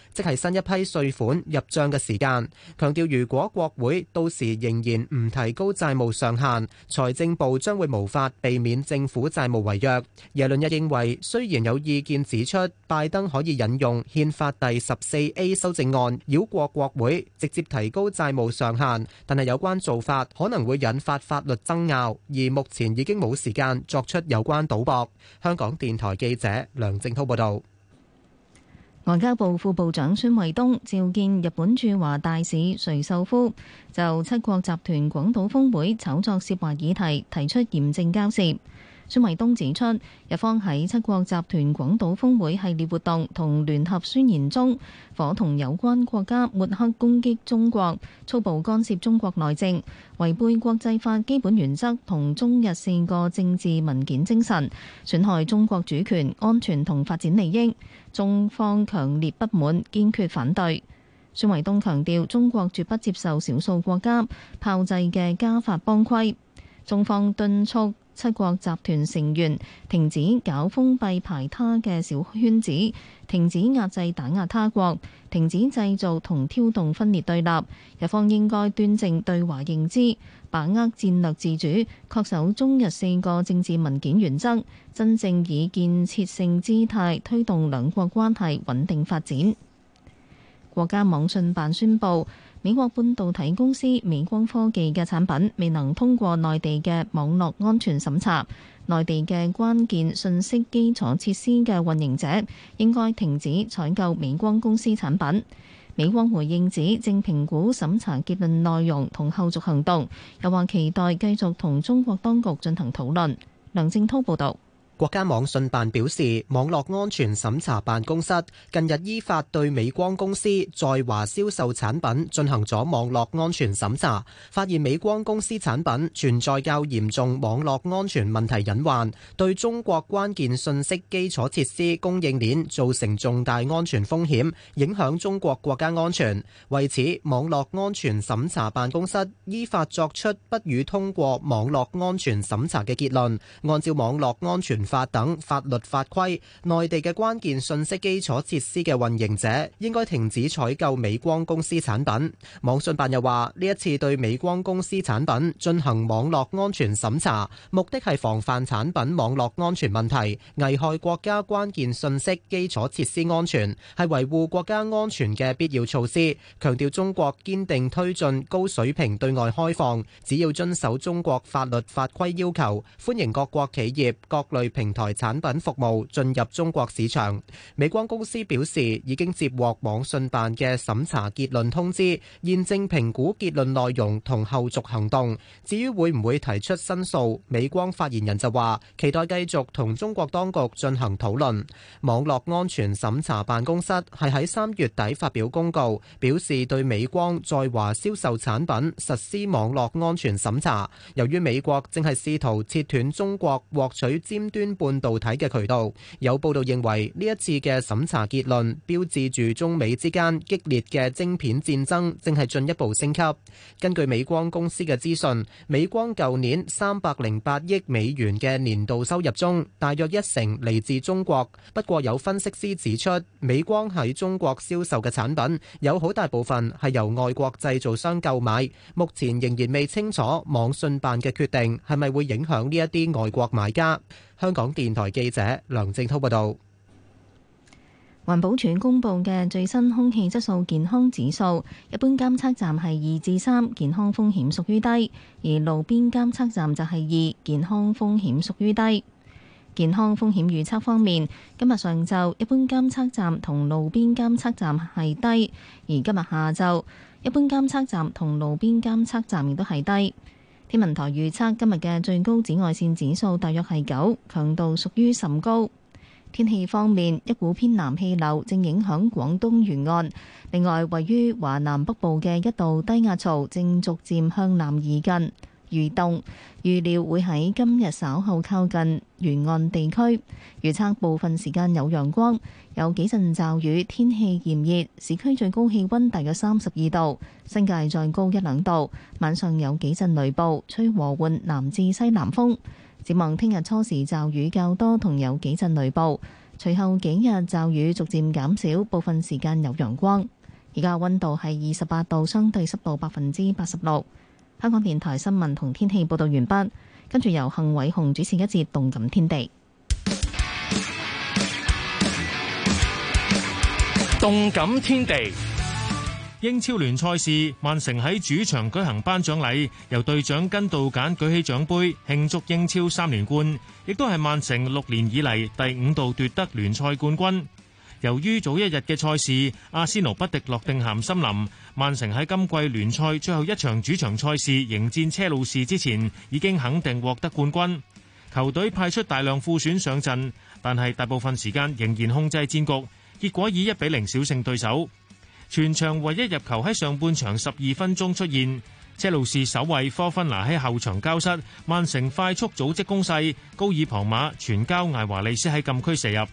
Speaker 2: 香港電台記者梁正濤報道，
Speaker 13: 外交部副部長孫衛東召見日本駐華大使垂秀夫，就七國集團廣島峰會炒作涉華議題提出嚴正交涉。孫衛東指出，日方喺七國集團廣島峰會系列活動同聯合宣言中，夥同有關國家抹黑攻擊中國，粗暴干涉中國內政，違背國際法基本原則同中日四個政治文件精神，損害中國主權、安全同發展利益，中方強烈不滿，堅決反對。孫衛東強調，中國絕不接受少數國家炮製嘅加法幫規，中方敦促，七國集團成員停止搞封閉排他嘅小圈子，停止壓制打壓他國，停止製造同挑動分裂對立。日方應該端正對華認知，把握戰略自主，恪守中日四個政治文件原則，真正以建設性姿態推動兩國關係穩定發展。國家網信辦宣布。美國半導體公司美光科技嘅產品未能通過內地嘅網絡安全審查，內地嘅關鍵信息基礎設施嘅運營者應該停止採購美光公司產品。美光回應指，正評估審查結論內容同後續行動，又話期待繼續同中國當局進行討論。梁正滔報導。
Speaker 2: 國家網信辦表示，網絡安全審查辦公室近日依法對美光公司在華銷售產品進行咗網絡安全審查，發現美光公司產品存在較嚴重網絡安全問題隱患，對中國關鍵信息基礎設施供應鏈造成重大安全風險，影響中國國家安全。為此，網絡安全審查辦公室依法作出不予通過網絡安全審查嘅結論。按照網絡安全，法等法律法規，內地嘅關鍵信息基礎設施嘅運營者應該停止採購美光公司產品。網信辦又話，呢一次對美光公司產品進行網絡安全審查，目的係防範產品網絡安全問題危害國家關鍵信息基礎設施安全，係維護國家安全嘅必要措施。強調中國堅定推進高水平對外開放，只要遵守中國法律法規要求，歡迎各國企業各類。平台產品服務進入中國市場，美光公司表示已經接獲網信辦嘅審查結論通知，現正評估結論內容同後續行動。至於會唔會提出申訴，美光發言人就話期待繼續同中國當局進行討論，網絡安全審查辦公室係喺三月底發表公告，表示對美光在華銷售產品實施網絡安全審查。由於美國正係試圖切斷中國獲取尖端，半導體嘅渠道，有報道認為呢一次嘅審查結論，標誌住中美之間激烈嘅晶片戰爭正係進一步升級。根據美光公司嘅資訊，美光舊年三百零八億美元嘅年度收入中，大約一成嚟自中國。不過有分析師指出，美光喺中國銷售嘅產品有好大部分係由外國製造商購買。目前仍然未清楚網信辦嘅決定係咪會影響呢一啲外國買家。香港電台記者梁正濤報道，
Speaker 13: 環保署公佈嘅最新空氣質素健康指數，一般監測站係二至三，健康風險屬於低；而路邊監測站就係二，健康風險屬於低。健康風險預測方面，今日上晝一般監測站同路邊監測站係低，而今日下晝一般監測站同路邊監測站亦都係低。天文台預測今日嘅最高紫外線指數大約係九，強度屬於甚高。天氣方面，一股偏南氣流正影響廣東沿岸，另外位於華南北部嘅一道低壓槽正逐漸向南移近，移動預料會喺今日稍後靠近沿岸地區，預測部分時間有陽光。有幾陣驟雨，天氣炎熱，市區最高氣温大約三十二度，新界再高一兩度。晚上有幾陣雷暴，吹和緩南至西南風。展望聽日初時驟雨較多，同有幾陣雷暴，隨後幾日驟雨逐漸減,減,減,減,減少，部分時間有陽光。而家温度係二十八度，相對濕度百分之八十六。香港電台新聞同天氣報導完畢，跟住由幸偉雄主持一節《動感天地》。
Speaker 14: 動感天地，英超聯賽事，曼城喺主場舉行頒獎禮，由隊長根杜簡舉起獎盃慶祝英超三連冠，亦都係曼城六年以嚟第五度奪得聯賽冠軍。由於早一日嘅賽事，阿仙奴不敵諾定咸森林，曼城喺今季聯賽最後一場主場賽事迎戰車路士之前，已經肯定獲得冠軍。球隊派出大量副選上陣，但係大部分時間仍然控制戰局。結果以一比零小勝對手，全場唯一入球喺上半場十二分鐘出現，車路士守衛科芬拿喺後場交失，曼城快速組織攻勢，高爾旁馬傳交艾華利斯喺禁區射入。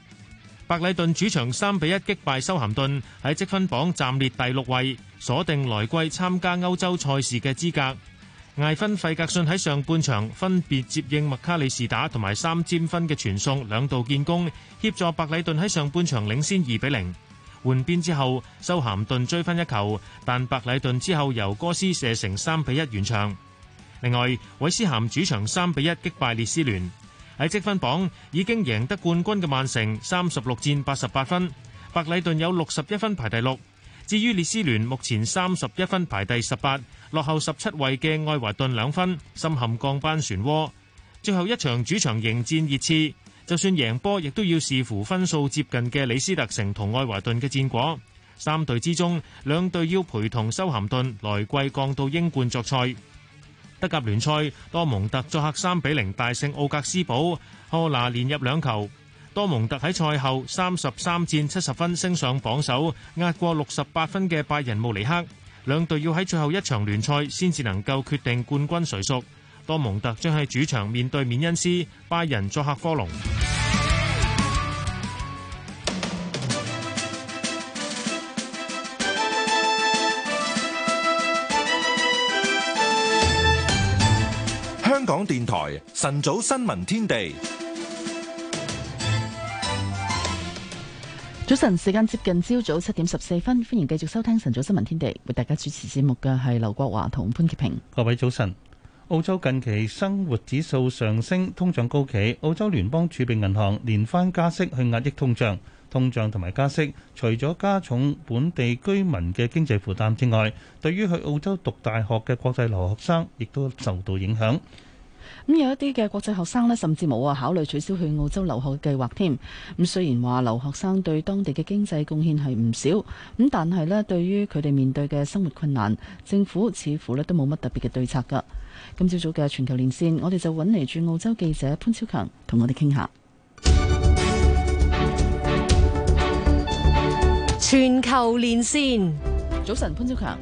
Speaker 14: 白禮頓主場三比一擊敗修咸頓，喺積分榜暫列第六位，鎖定來季參加歐洲賽事嘅資格。艾芬費格遜喺上半場分別接應麥卡里士打同埋三尖分嘅傳送兩度建功，協助白禮頓喺上半場領先二比零。換邊之後，修咸頓追分一球，但白禮頓之後由哥斯射成三比一完場。另外，韋斯咸主場三比一擊敗列斯聯。喺積分榜已經贏得冠軍嘅曼城三十六戰八十八分，白禮頓有六十一分排第六。至於列斯聯目前三十一分排第十八。落後十七位嘅愛華頓兩分，深陷降班漩渦。最後一場主場迎戰熱刺，就算贏波，亦都要視乎分數接近嘅李斯特城同愛華頓嘅戰果。三隊之中，兩隊要陪同修咸頓來季降到英冠作賽。德甲聯賽，多蒙特作客三比零大勝奧格斯堡，賀拿連入兩球。多蒙特喺賽後三十三戰七十分，升上榜首，壓過六十八分嘅拜仁慕尼黑。兩隊要喺最後一場聯賽，先至能夠決定冠軍誰屬。多蒙特將喺主場面對緬恩斯，拜仁作客科隆。
Speaker 1: 香港電台晨早新聞天地。
Speaker 3: 早晨，時間接近朝早七點十四分，歡迎繼續收聽晨早新聞天地。為大家主持節目嘅係劉國華同潘潔平。
Speaker 4: 各位早晨，澳洲近期生活指數上升，通脹高企，澳洲聯邦儲備銀行連番加息去壓抑通脹。通脹同埋加息，除咗加重本地居民嘅經濟負擔之外，對於去澳洲讀大學嘅國際留學學生，亦都受到影響。
Speaker 3: 咁、嗯、有一啲嘅國際學生咧，甚至冇啊考慮取消去澳洲留學嘅計劃添。咁、嗯、雖然話留學生對當地嘅經濟貢獻係唔少，咁、嗯、但係咧，對於佢哋面對嘅生活困難，政府似乎咧都冇乜特別嘅對策噶。今朝早嘅全球連線，我哋就揾嚟駐澳洲記者潘超強同我哋傾下。全球連線，早晨潘超強。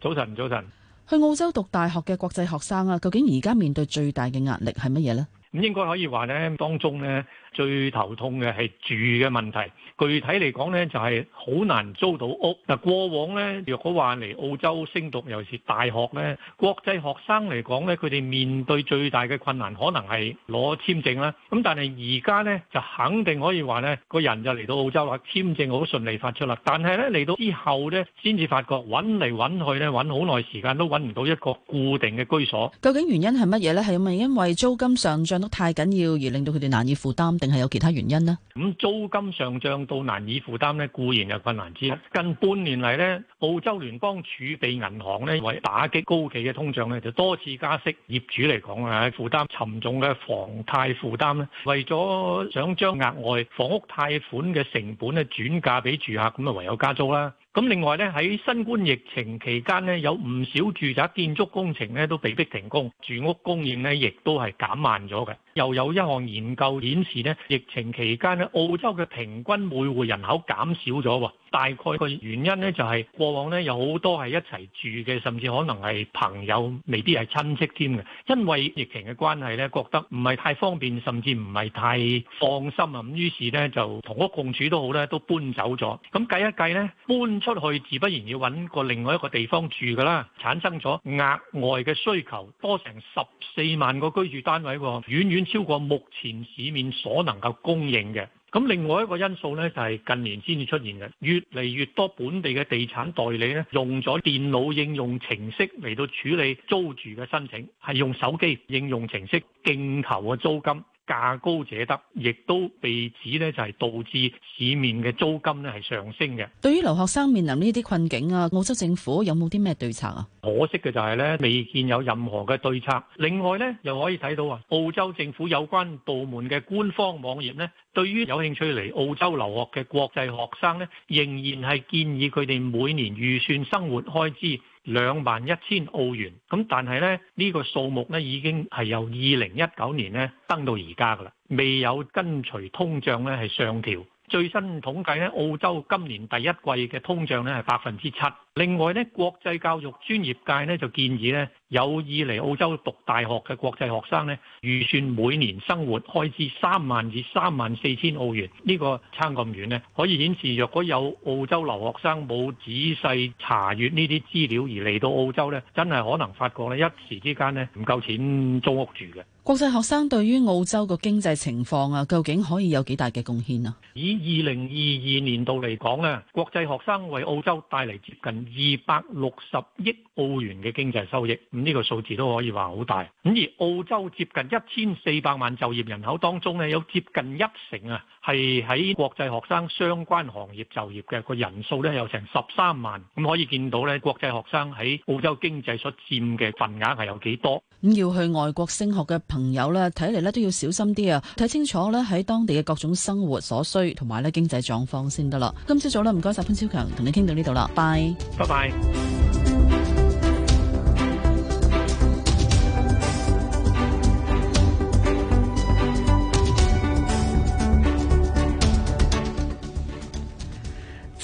Speaker 15: 早晨，早晨。早晨。
Speaker 3: 去澳洲讀大學嘅國際學生啊，究竟而家面對最大嘅壓力係乜嘢呢？咁
Speaker 15: 應該可以話咧，當中咧。最頭痛嘅係住嘅問題，具體嚟講呢，就係好難租到屋。嗱，過往呢，若果話嚟澳洲升讀尤其是大學呢，國際學生嚟講呢，佢哋面對最大嘅困難可能係攞簽證啦。咁但係而家呢，就肯定可以話呢個人就嚟到澳洲啦，簽證好順利發出啦。但係呢，嚟到之後呢，先至發覺揾嚟揾去呢，揾好耐時間都揾唔到一個固定嘅居所。
Speaker 3: 究竟原因係乜嘢呢？係咪因為租金上漲得太緊要而令到佢哋難以負擔定？係有其他原因咧？咁租
Speaker 15: 金上漲到難以負擔咧，固然有困難之一。近半年嚟咧，澳洲聯邦儲備銀行咧為打擊高企嘅通脹咧，就多次加息。業主嚟講啊，係負擔沉重嘅房貸負擔咧，為咗想將額外房屋貸款嘅成本咧轉嫁俾住客，咁啊唯有加租啦。咁另外咧喺新冠疫情期間呢，有唔少住宅建築工程呢都被迫停工，住屋供應呢亦都係減慢咗嘅。又有一項研究顯示呢，疫情期間呢，澳洲嘅平均每戶人口減少咗，大概個原因呢就係過往呢有好多係一齊住嘅，甚至可能係朋友，未必係親戚添嘅。因為疫情嘅關係呢，覺得唔係太方便，甚至唔係太放心啊。咁於是呢就同屋共處都好咧，都搬走咗。咁計一計呢搬。出去自不然要揾個另外一個地方住噶啦，產生咗額外嘅需求，多成十四萬個居住單位，遠遠超過目前市面所能夠供應嘅。咁另外一個因素呢，就係近年先至出現嘅，越嚟越多本地嘅地產代理呢，用咗電腦應用程式嚟到處理租住嘅申請，係用手機應用程式競投嘅租金。價高者得，亦都被指咧，就係導致市面嘅租金咧，係上升嘅。
Speaker 3: 對於留學生面臨呢啲困境啊，澳洲政府有冇啲咩對策啊？可
Speaker 15: 惜嘅就係咧，未見有任何嘅對策。另外咧，又可以睇到啊，澳洲政府有關部門嘅官方網頁咧，對於有興趣嚟澳洲留學嘅國際學生咧，仍然係建議佢哋每年預算生活開支，兩萬一千澳元，咁但係咧呢、呢個數目咧已經係由二零一九年咧登到而家㗎啦，未有跟隨通脹咧係上調。最新統計咧，澳洲今年第一季嘅通脹咧係百分之七。另外咧，國際教育專業界咧就建議咧，有意嚟澳洲讀大學嘅國際學生咧，預算每年生活開支三萬至三萬四千澳元。呢個差咁遠咧，可以顯示若果有澳洲留學生冇仔細查閲呢啲資料而嚟到澳洲咧，真係可能發覺咧，一時之間咧唔夠錢租屋住嘅。
Speaker 3: 國際學生對於澳洲個經濟情況啊，究竟可以有幾大嘅貢獻啊？
Speaker 15: 以二零二二年度嚟講咧，國際學生為澳洲帶嚟接近二百六十億澳元嘅經濟收益，咁、這、呢個數字都可以話好大。咁而澳洲接近一千四百萬就業人口當中咧，有接近一成啊係喺國際學生相關行業就業嘅，個人數咧有成十三萬，咁可以見到咧國際學生喺澳洲經濟所佔嘅份額係有幾多？
Speaker 3: 咁要去外國升學嘅朋朋友咧，睇嚟咧都要小心啲啊！睇清楚咧，喺當地嘅各種生活所需同埋咧經濟狀況先得啦。今朝早咧，唔該晒潘超強，同你傾到呢度啦，拜拜。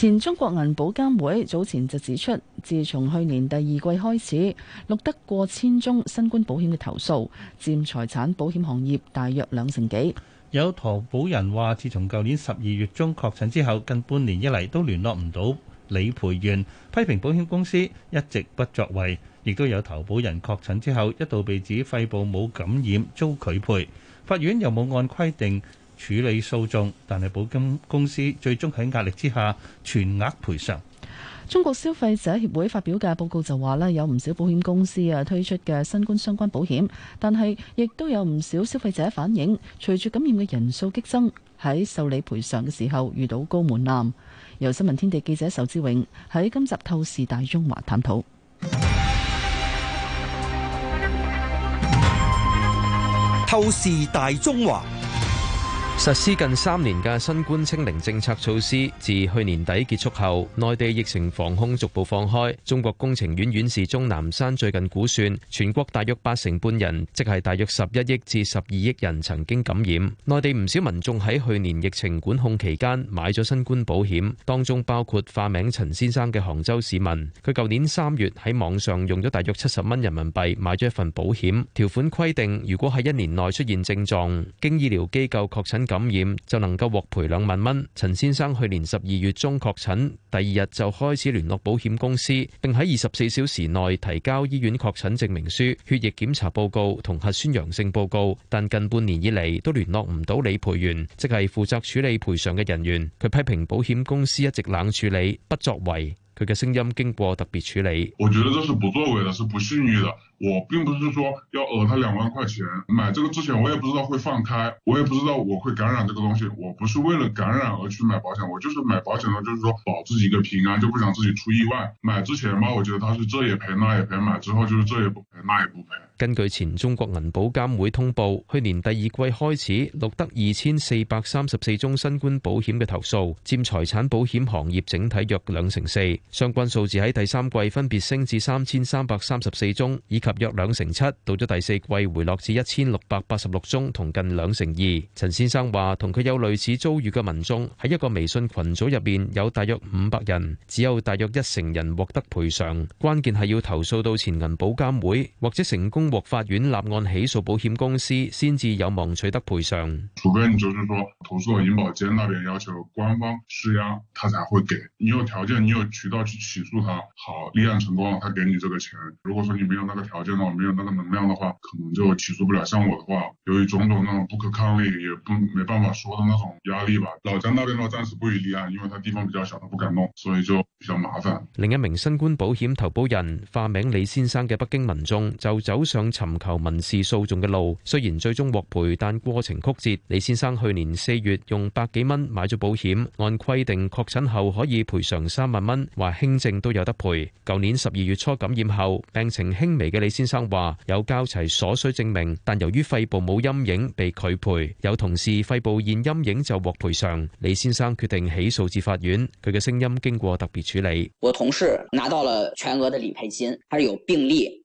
Speaker 3: 前中國銀保監會早前就指出，自從去年第二季開始，錄得過千宗新冠保險嘅投訴，佔財產保險行業大約兩成幾。
Speaker 4: 有投保人話，自從舊年十二月中確診之後，近半年以嚟都聯絡唔到理賠員，批評保險公司一直不作為。亦都有投保人確診之後，一度被指肺部冇感染，遭拒賠，法院又冇按規定處理訴訟，但係保金公司最終喺壓力之下全額賠償。
Speaker 3: 中國消費者協會發表嘅報告就話咧，有唔少保險公司啊推出嘅新冠相關保險，但係亦都有唔少消費者反映，隨住感染嘅人數激增，喺受理賠償嘅時候遇到高門檻。由新聞天地記者仇志永喺今集透視大中華
Speaker 10: 探討。透視大中華。探討透視大中華實施近三年嘅新冠清零政策措施，自去年底結束後，內地疫情防控逐步放開。中國工程院院士鍾南山最近估算，全國大約八成半人，即係大約十一億至十二億人曾經感染。內地唔少民眾喺去年疫情管控期間買咗新冠保險，當中包括化名陳先生嘅杭州市民。佢舊年三月喺網上用咗大約七十蚊人民幣買咗一份保險，條款規定如果喺一年內出現症狀，經醫療機構確診。感染就能夠獲賠兩萬蚊。陳先生去年十二月中確診，第二日就開始聯絡保險公司，並喺二十四小時內提交醫院確診證明書、血液檢查報告同核酸陽性報告。但近半年以嚟都聯絡唔到理賠員，即係負責處理賠償嘅人員。佢批評保險公司一直冷處理、不作為。佢嘅聲音經過特別處
Speaker 16: 理。我覺得這是不作為，係不信譽嘅。我並不是說要訛他兩萬塊錢，買這個之前我也不知道會放開，我也不知道我會感染這個東西，我不是為了感染而去買保險，我就是買保險呢，就是說保自己一個平安，就不想自己出意外。買之前嘛，我覺得他是這也賠那也賠，買之後就是這也不賠那也
Speaker 10: 不賠。根據前中國銀保監會通報，去年第二季開始錄得二千四百三十四宗新冠保險嘅投訴，佔財產保險行業整體約兩成四。相關數字喺第三季分別升至三千三百三十四宗以。及約兩成七，到咗第四季回落至一千六百八十六宗，同近兩成二。陳先生話，同佢有類似遭遇嘅民眾喺一個微信群組入面，有大約五百人，只有大約一成人獲得賠償。關鍵係要投訴到前銀保監會，或者成功獲法院立案起訴保險公司，先至有望取得賠償。
Speaker 16: 除非你就是說投訴銀保監那邊要求官方施壓，他才會給。你有條件，你有渠道去起訴他，好立案成功，他給你這個錢。如果說你沒有那個條件，沒有那個能量的話，可能就起訴不了。像我的話，由於種種那種不可抗力，也不沒辦法說的那種壓力吧。老家那邊的話，暫時不予立案，因為他地方比較小，他不敢弄，所以就比較麻煩。
Speaker 10: 另一名新冠保險投保人化名李先生嘅北京民眾就走上尋求民事訴訟嘅路。雖然最終獲賠，但過程曲折。李先生去年四月用百幾蚊買咗保險，按規定確診後可以賠償三萬蚊，話輕症都有得賠。舊年十二月初感染後，病情輕微嘅。李先生話有交齊所需證明，但由於肺部冇陰影被拒賠，有同事肺部現陰影就獲賠償。李先生決定起訴至法院。佢嘅聲音經過特別處理。
Speaker 17: 我同事拿到了全額的理賠金，他有病例。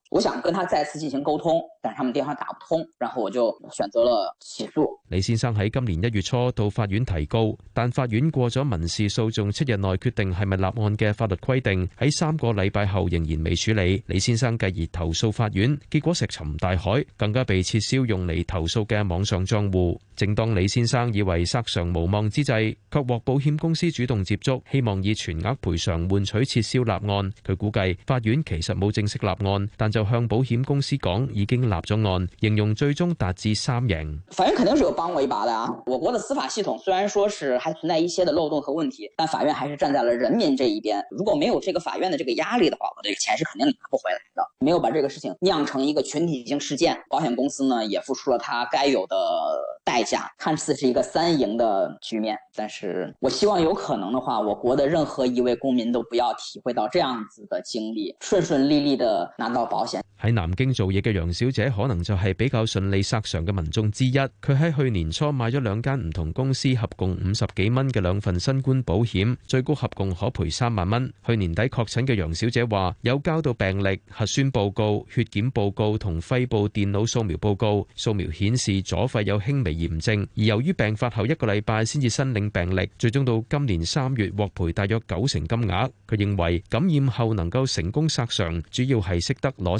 Speaker 17: 我想跟他再次進行溝通，但他們電話打不通，然後我就選擇了起訴。
Speaker 10: 李先生喺今年一月初到法院提告，但法院過咗民事訴訟七日內決定係咪立案嘅法律規定，喺三個禮拜後仍然未處理。李先生繼而投訴法院，結果石沉大海，更加被撤銷用嚟投訴嘅網上賬戶。正當李先生以為索償無望之際，卻獲保險公司主動接觸，希望以全額賠償換取撤銷立案。佢估計法院其實冇正式立案，但就向保險公司講已經立咗案，形容最終達至三贏。
Speaker 17: 法院肯定是有幫我一把的啊！我國的司法系統雖然說是還存在一些的漏洞和問題，但法院還是站在了人民這一邊。如果沒有這個法院的這個壓力的話，我這個錢是肯定拿不回來的。沒有把這個事情釀成一個群體性事件，保險公司呢也付出了它該有的代價，看似是一個三贏的局面。但是我希望有可能的話，我國的任何一位公民都不要體會到這樣子的經歷，順順利利的拿到保險。
Speaker 10: 喺南京做嘢嘅楊小姐可能就係比較順利索償嘅民眾之一。佢喺去年初買咗兩間唔同公司合共五十幾蚊嘅兩份新冠保險，最高合共可賠三萬蚊。去年底確診嘅楊小姐話，有交到病歷、核酸報告、血檢報告同肺部電腦掃描報告，掃描顯示左肺有輕微炎症。而由於病發後一個禮拜先至申領病歷，最終到今年三月獲賠大約九成金額。佢認為感染後能夠成功索償，主要係識得攞。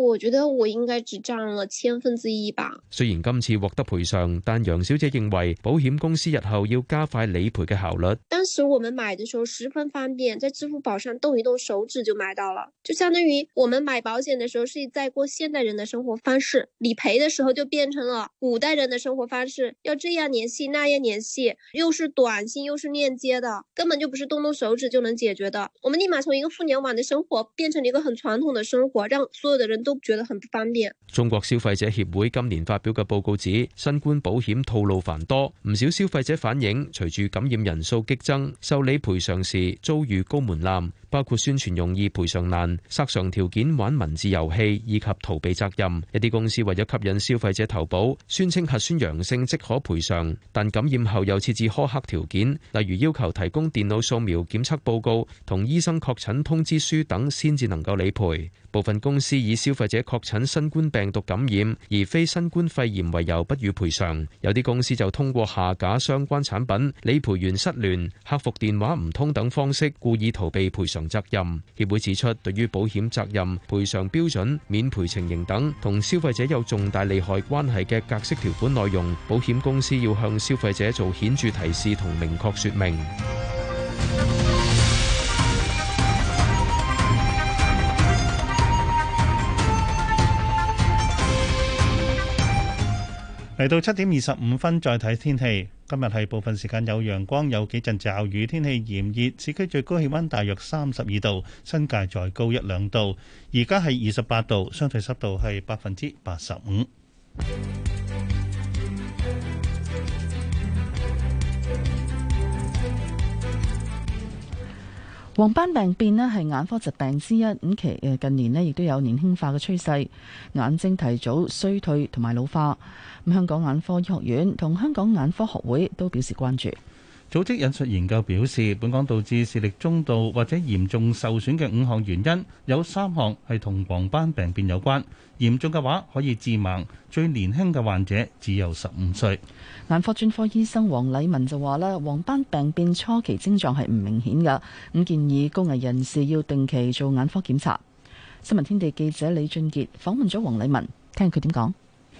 Speaker 18: 我覺得我應該只佔了千分之一吧。
Speaker 10: 雖然今次獲得賠償，但楊小姐認為，保險公司日後要加快理賠的效率。
Speaker 18: 當時我們買的時候十分方便，在支付寶上動一動手指就買到了，就相當於我們買保險的時候是在過現代人的生活方式，理賠的時候就變成了古代人的生活方式，要這樣聯繫，那樣聯繫，又是短信又是鏈接的，根本就不是動動手指就能解決的。我們立馬從一個互聯網的生活變成了一個很傳統的生活，讓所有的人都。都覺得很不方
Speaker 10: 便。中國消費者協會今年發表嘅報告指，新冠保險套路繁多，唔少消費者反映，隨住感染人數激增，受理賠償時遭遇高門檻，包括宣傳容易賠償難、塞上條件玩文字遊戲以及逃避責任。一啲公司為咗吸引消費者投保，宣稱核酸陽性即可賠償，但感染後又設置苛刻條件，例如要求提供電腦掃描檢測報告同醫生確診通知書等先至能夠理賠。部分公司以消費者確診新冠病毒感染，而非新冠肺炎為由不予賠償，有啲公司就通過下架相關產品、理賠員失聯、客服電話唔通等方式故意逃避賠償責任。協會指出，對於保險責任、賠償標準、免賠情形等同消費者有重大利害關係嘅格式條款內容，保險公司要向消費者做顯著提示同明確説明。
Speaker 4: 嚟到七點二十五分，再睇天氣。今日係部分時間有陽光，有幾陣驟雨。天氣炎熱，市區最高氣溫大約三十二度，新界再高一兩度。而家係二十八度，相對濕度係百分之八十五。
Speaker 3: 黃斑病變呢係眼科疾病之一，五期近年呢亦都有年輕化嘅趨勢，眼睛提早衰退同埋老化。香港眼科醫學院同香港眼科學會都表示關注。
Speaker 4: 組織引述研究表示，本港導致視力中度或者嚴重受損嘅五項原因，有三項係同黃斑病變有關。嚴重嘅話可以致盲，最年輕嘅患者只有十五歲。
Speaker 3: 眼科專科醫生黃禮文就話咧，黃斑病變初期症狀係唔明顯嘅，咁建議高危人士要定期做眼科檢查。新聞天地記者李俊杰訪問咗黃禮文，聽佢點講。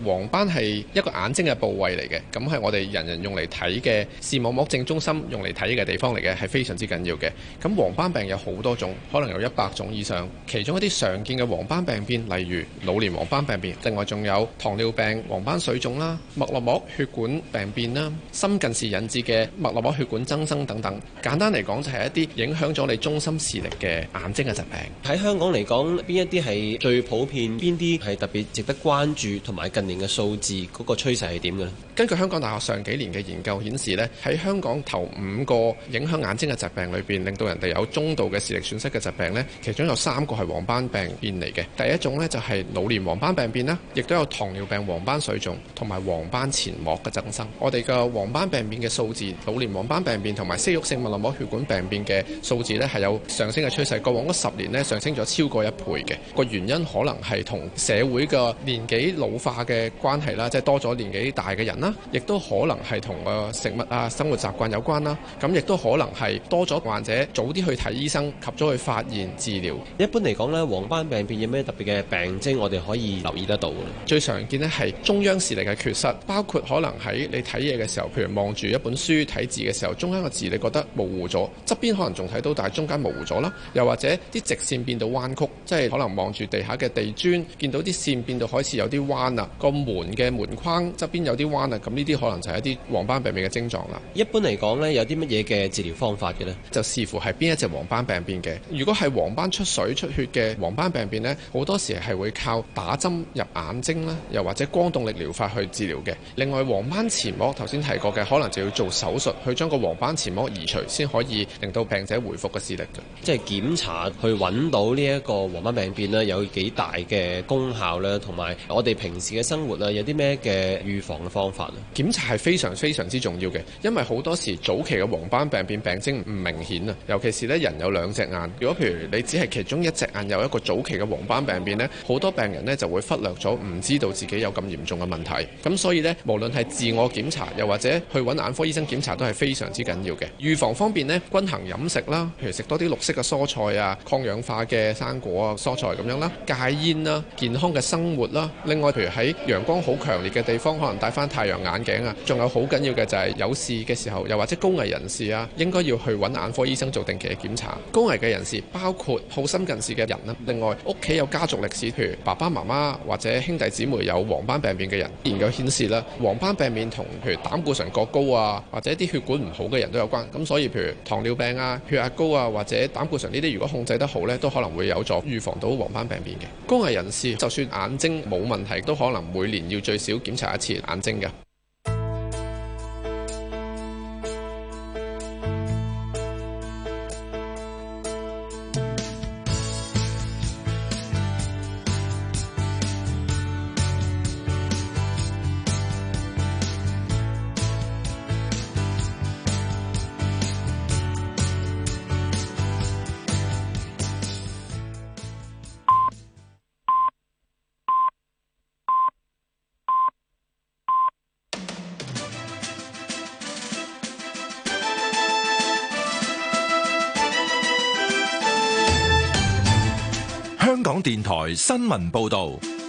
Speaker 8: 黃斑係一個眼睛嘅部位嚟嘅，咁係我哋人人用嚟睇嘅視網膜正中心用嚟睇嘅地方嚟嘅，係非常之緊要嘅。咁黃斑病有好多種，可能有一百種以上。其中一啲常見嘅黃斑病變，例如老年黃斑病變，另外仲有糖尿病黃斑水腫啦、脈絡膜血管病變啦、深近視引致嘅脈絡膜血管增生等等。簡單嚟講，就係一啲影響咗你中心視力嘅眼睛嘅疾病。喺香港嚟講，邊一啲係最普遍？邊啲係特別值得關注同埋近？嘅數字嗰個趨勢係點嘅㗎？根據香港大學上幾年嘅研究顯示咧，喺香港頭五個影響眼睛嘅疾病裏邊，令到人哋有中度嘅視力損失嘅疾病咧，其中有三個係黃斑病變嚟嘅。第一種咧就係老年黃斑病變啦，亦都有糖尿病黃斑水腫同埋黃斑前膜嘅增生。我哋嘅黃斑病變嘅數字，老年黃斑病變同埋息肉性脈絡膜血管病變嘅數字咧，係有上升嘅趨勢。過往嗰十年咧，上升咗超過一倍嘅。個原因可能係同社會嘅年紀老化嘅嘅關係啦，即係多咗年紀大嘅人啦，亦都可能係同個食物啊、生活習慣有關啦。咁亦都可能係多咗患者早啲去睇醫生及咗去發現治療。一般嚟講呢，黃斑病變有咩特別嘅病徵，我哋可以留意得到。最常見呢係中央視力嘅缺失，包括可能喺你睇嘢嘅時候，譬如望住一本書睇字嘅時候，中間個字你覺得模糊咗，側邊可能仲睇到，但係中間模糊咗啦。又或者啲直線變到彎曲，即係可能望住地下嘅地磚，見到啲線變到開始有啲彎啦。個門嘅門框側邊有啲彎啊，咁呢啲可能就係一啲黃斑病變嘅症狀啦。一般嚟講呢，有啲乜嘢嘅治療方法嘅呢？就視乎係邊一隻黃斑病變嘅。如果係黃斑出水出血嘅黃斑病變呢，好多時係會靠打針入眼睛啦，又或者光動力療法去治療嘅。另外，黃斑前膜頭先提過嘅，可能就要做手術去將個黃斑前膜移除，先可以令到病者回復個視力㗎。即係檢查去揾到呢一個黃斑病變呢，有幾大嘅功效啦。同埋我哋平時嘅生活啊，有啲咩嘅預防嘅方法啊？檢查係非常非常之重要嘅，因為好多時早期嘅黃斑病變病徵唔明顯啊。尤其是咧，人有兩隻眼，如果譬如你只係其中一隻眼有一個早期嘅黃斑病變咧，好多病人咧就會忽略咗，唔知道自己有咁嚴重嘅問題。咁所以咧，無論係自我檢查，又或者去搵眼科醫生檢查，都係非常之緊要嘅。預防方面呢，均衡飲食啦，譬如食多啲綠色嘅蔬菜啊，抗氧化嘅生果啊，蔬菜咁樣啦，戒煙啦，健康嘅生活啦。另外，譬如喺陽光好強烈嘅地方，可能戴翻太陽眼鏡啊。仲有好緊要嘅就係有事嘅時候，又或者高危人士啊，應該要去揾眼科醫生做定期嘅檢查。高危嘅人士包括好深近視嘅人啦，另外屋企有家族歷史，譬如爸爸媽媽或者兄弟姊妹有黃斑病變嘅人，研究顯示啦，黃斑病變同譬如膽固醇過高啊，或者啲血管唔好嘅人都有關。咁所以譬如糖尿病啊、血壓高啊，或者膽固醇呢啲，如果控制得好呢，都可能會有助預防到黃斑病變嘅。高危人士就算眼睛冇問題，都可能，每年要最少檢查一次眼睛嘅。
Speaker 1: 新聞報道。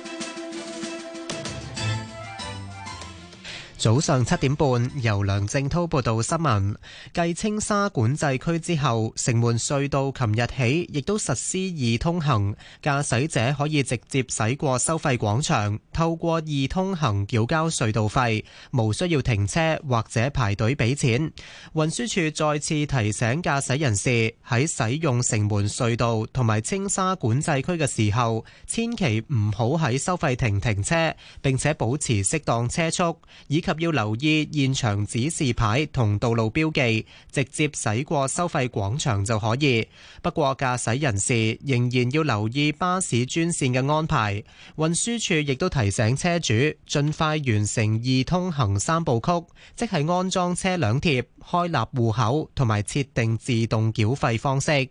Speaker 2: 早上七點半，由梁正濤報道新聞。繼青沙管制區之後，城門隧道琴日起亦都實施易通行，駕駛者可以直接駛過收費廣場，透過易通行繳交隧道費，無需要停車或者排隊俾錢。運輸處再次提醒駕駛人士，喺使用城門隧道同埋青沙管制區嘅時候，千祈唔好喺收費亭停車，並且保持適當車速，以及。及要留意現場指示牌同道路標記，直接駛過收費廣場就可以。不過駕駛人士仍然要留意巴士專線嘅安排。運輸處亦都提醒車主盡快完成易通行三步曲，即係安裝車輛貼、開立戶口同埋設定自動繳費方式。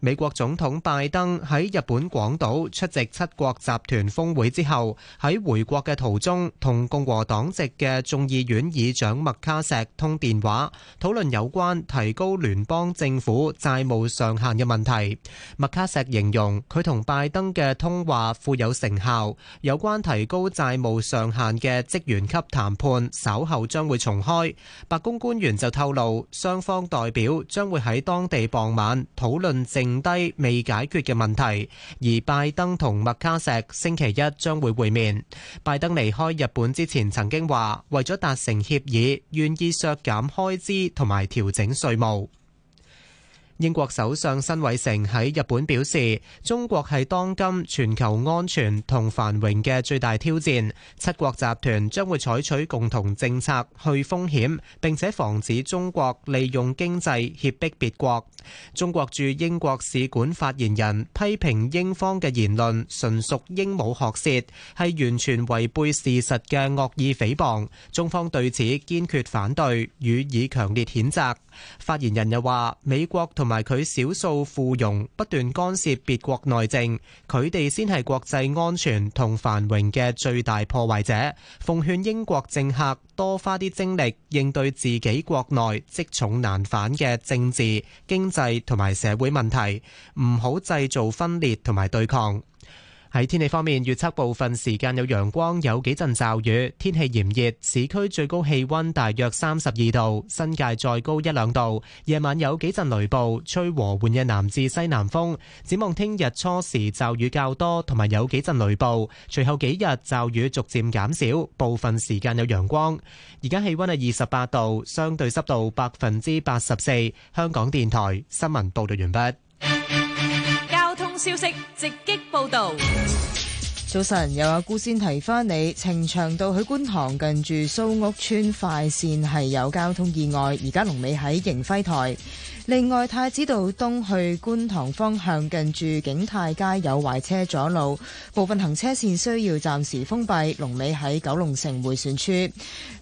Speaker 2: 美國總統拜登喺日本廣島出席七國集團峰會之後，喺回國嘅途中同共和黨籍嘅眾議院議長麥卡錫通電話，討論有關提高聯邦政府債務上限嘅問題。麥卡錫定低未解決嘅問題，而拜登同麥卡錫星期一將會會面。拜登離開日本之前曾經話，為咗達成協議，願意削減開支同埋調整稅務。英國首相辛偉成喺日本表示，中國係當今全球安全同繁榮嘅最大挑戰。七國集團將會採取共同政策去風險，並且防止中國利用經濟脅迫別國。中國駐英國使館發言人批評英方嘅言論純屬鸚鵡學舌，係完全違背事實嘅惡意誹謗。中方對此堅決反對，予以強烈譴責。發言人又話：美國同埋佢少數附庸不斷干涉別國內政，佢哋先係國際安全同繁榮嘅最大破壞者。奉勸英國政客多花啲精力應對自己國內積重難返嘅政治、經濟同埋社會問題，唔好製造分裂同埋對抗。喺天氣方面，預測部分時間有陽光，有幾陣驟雨，天氣炎熱，市區最高氣溫大約三十二度，新界再高一兩度。夜晚有幾陣雷暴，吹和緩嘅南至西南風。展望聽日初時驟雨較多，同埋有幾陣雷暴，隨後幾日驟雨逐漸減少，部分時間有陽光。而家氣溫係二十八度，相對濕度百分之八十四。香港電台新聞
Speaker 12: 報道完畢。
Speaker 11: 消息直擊報道。
Speaker 12: 早晨，有阿姑先提返你，呈祥道去觀塘近住蘇屋村快綫係有交通意外，而家龍尾喺迎輝台。另外，太子道東去觀塘方向近住景泰街有壞車阻路，部分行車線需要暫時封閉，龍尾喺九龍城回旋處。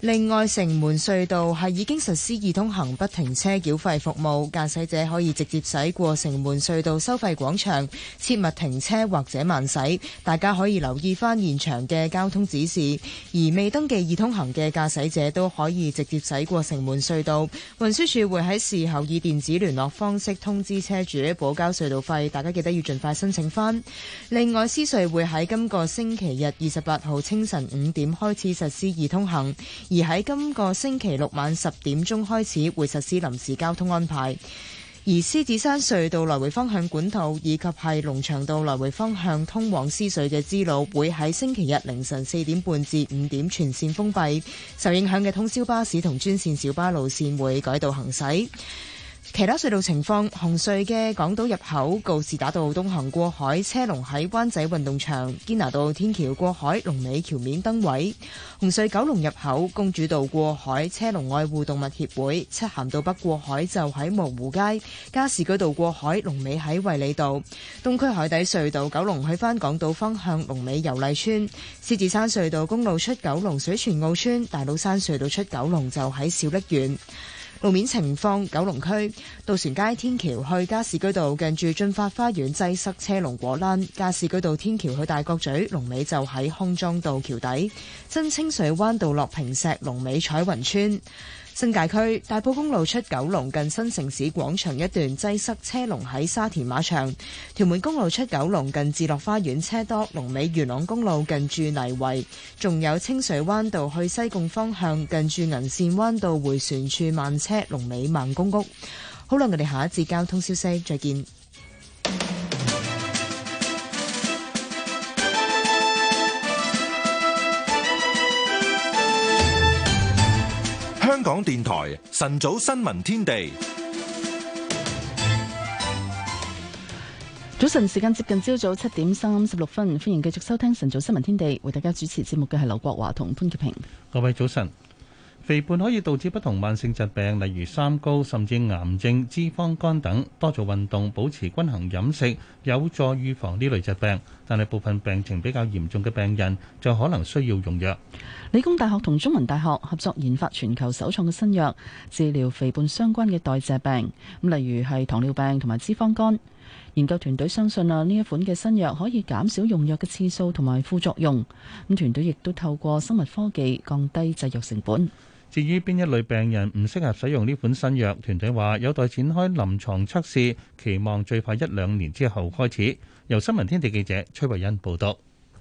Speaker 12: 另外，城門隧道係已經實施易通行不停車繳費服務，駕駛者可以直接駛過城門隧道收費廣場，切勿停車或者慢駛。大家可以留意翻現場嘅交通指示，而未登記易通行嘅駕駛者都可以直接駛過城門隧道。運輸署會喺事後以電子以聯絡方式通知車主補交隧道費，大家記得要盡快申請翻。另外，獅隧會喺今個星期日二十八號清晨五點開始實施易通行，而喺今個星期六晚十點鐘開始會實施臨時交通安排。而獅子山隧道來回方向管道以及係龍翔道來回方向通往獅隧嘅支路，會喺星期日凌晨四點半至五點全線封閉，受影響嘅通宵巴士同專線小巴路線會改道行駛。其他隧道情況：紅隧嘅港島入口告士打道東行過海車龍喺灣仔運動場；堅拿道天橋過海龍尾橋面燈位；紅隧九龍入口公主道過海車龍愛護動物協會；漆咸道北過海就喺蕪湖街；加士居道過海龍尾喺衛理道；東區海底隧道九龍去返港島方向龍尾油麗村；獅子山隧道公路出九龍水泉澳村；大老山隧道出九龍就喺小瀝源。路面情況：九龍區渡船街天橋去加士居道，近住駿發花園擠塞車龍果欄；加士居道天橋去大角咀，龍尾就喺康莊道橋底；真清水灣道落坪石，龍尾彩雲村。新界區大埔公路出九龍近新城市廣場一段擠塞車龍喺沙田馬場，屯門公路出九龍近置樂花園車多，龍尾元朗公路近住泥圍，仲有清水灣道去西貢方向近住銀線灣道回旋處慢車，龍尾孟公屋。好啦，我哋下一節交通消息，再見。
Speaker 1: 香港電台晨早新聞天地，
Speaker 3: 早晨時間接近朝早七點三十六分，歡迎繼續收聽晨早新聞天地，為大家主持節目嘅係劉國華同潘潔平。
Speaker 4: 各位早晨。肥胖可以導致不同慢性疾病，例如三高、甚至癌症、脂肪肝等。多做運動、保持均衡飲食，有助預防呢類疾病。但係部分病情比較嚴重嘅病人就可能需要用藥。
Speaker 3: 理工大學同中文大學合作研發全球首創嘅新藥，治療肥胖相關嘅代謝病，例如係糖尿病同埋脂肪肝。研究團隊相信啊，呢一款嘅新藥可以減少用藥嘅次數同埋副作用。咁團隊亦都透過生物科技降低製藥成本。至
Speaker 4: 於邊一類病人唔適合使用呢款新藥，團隊話有待展開臨床測試，期望最快一兩年之後開始。由新聞天地記者崔慧欣報道。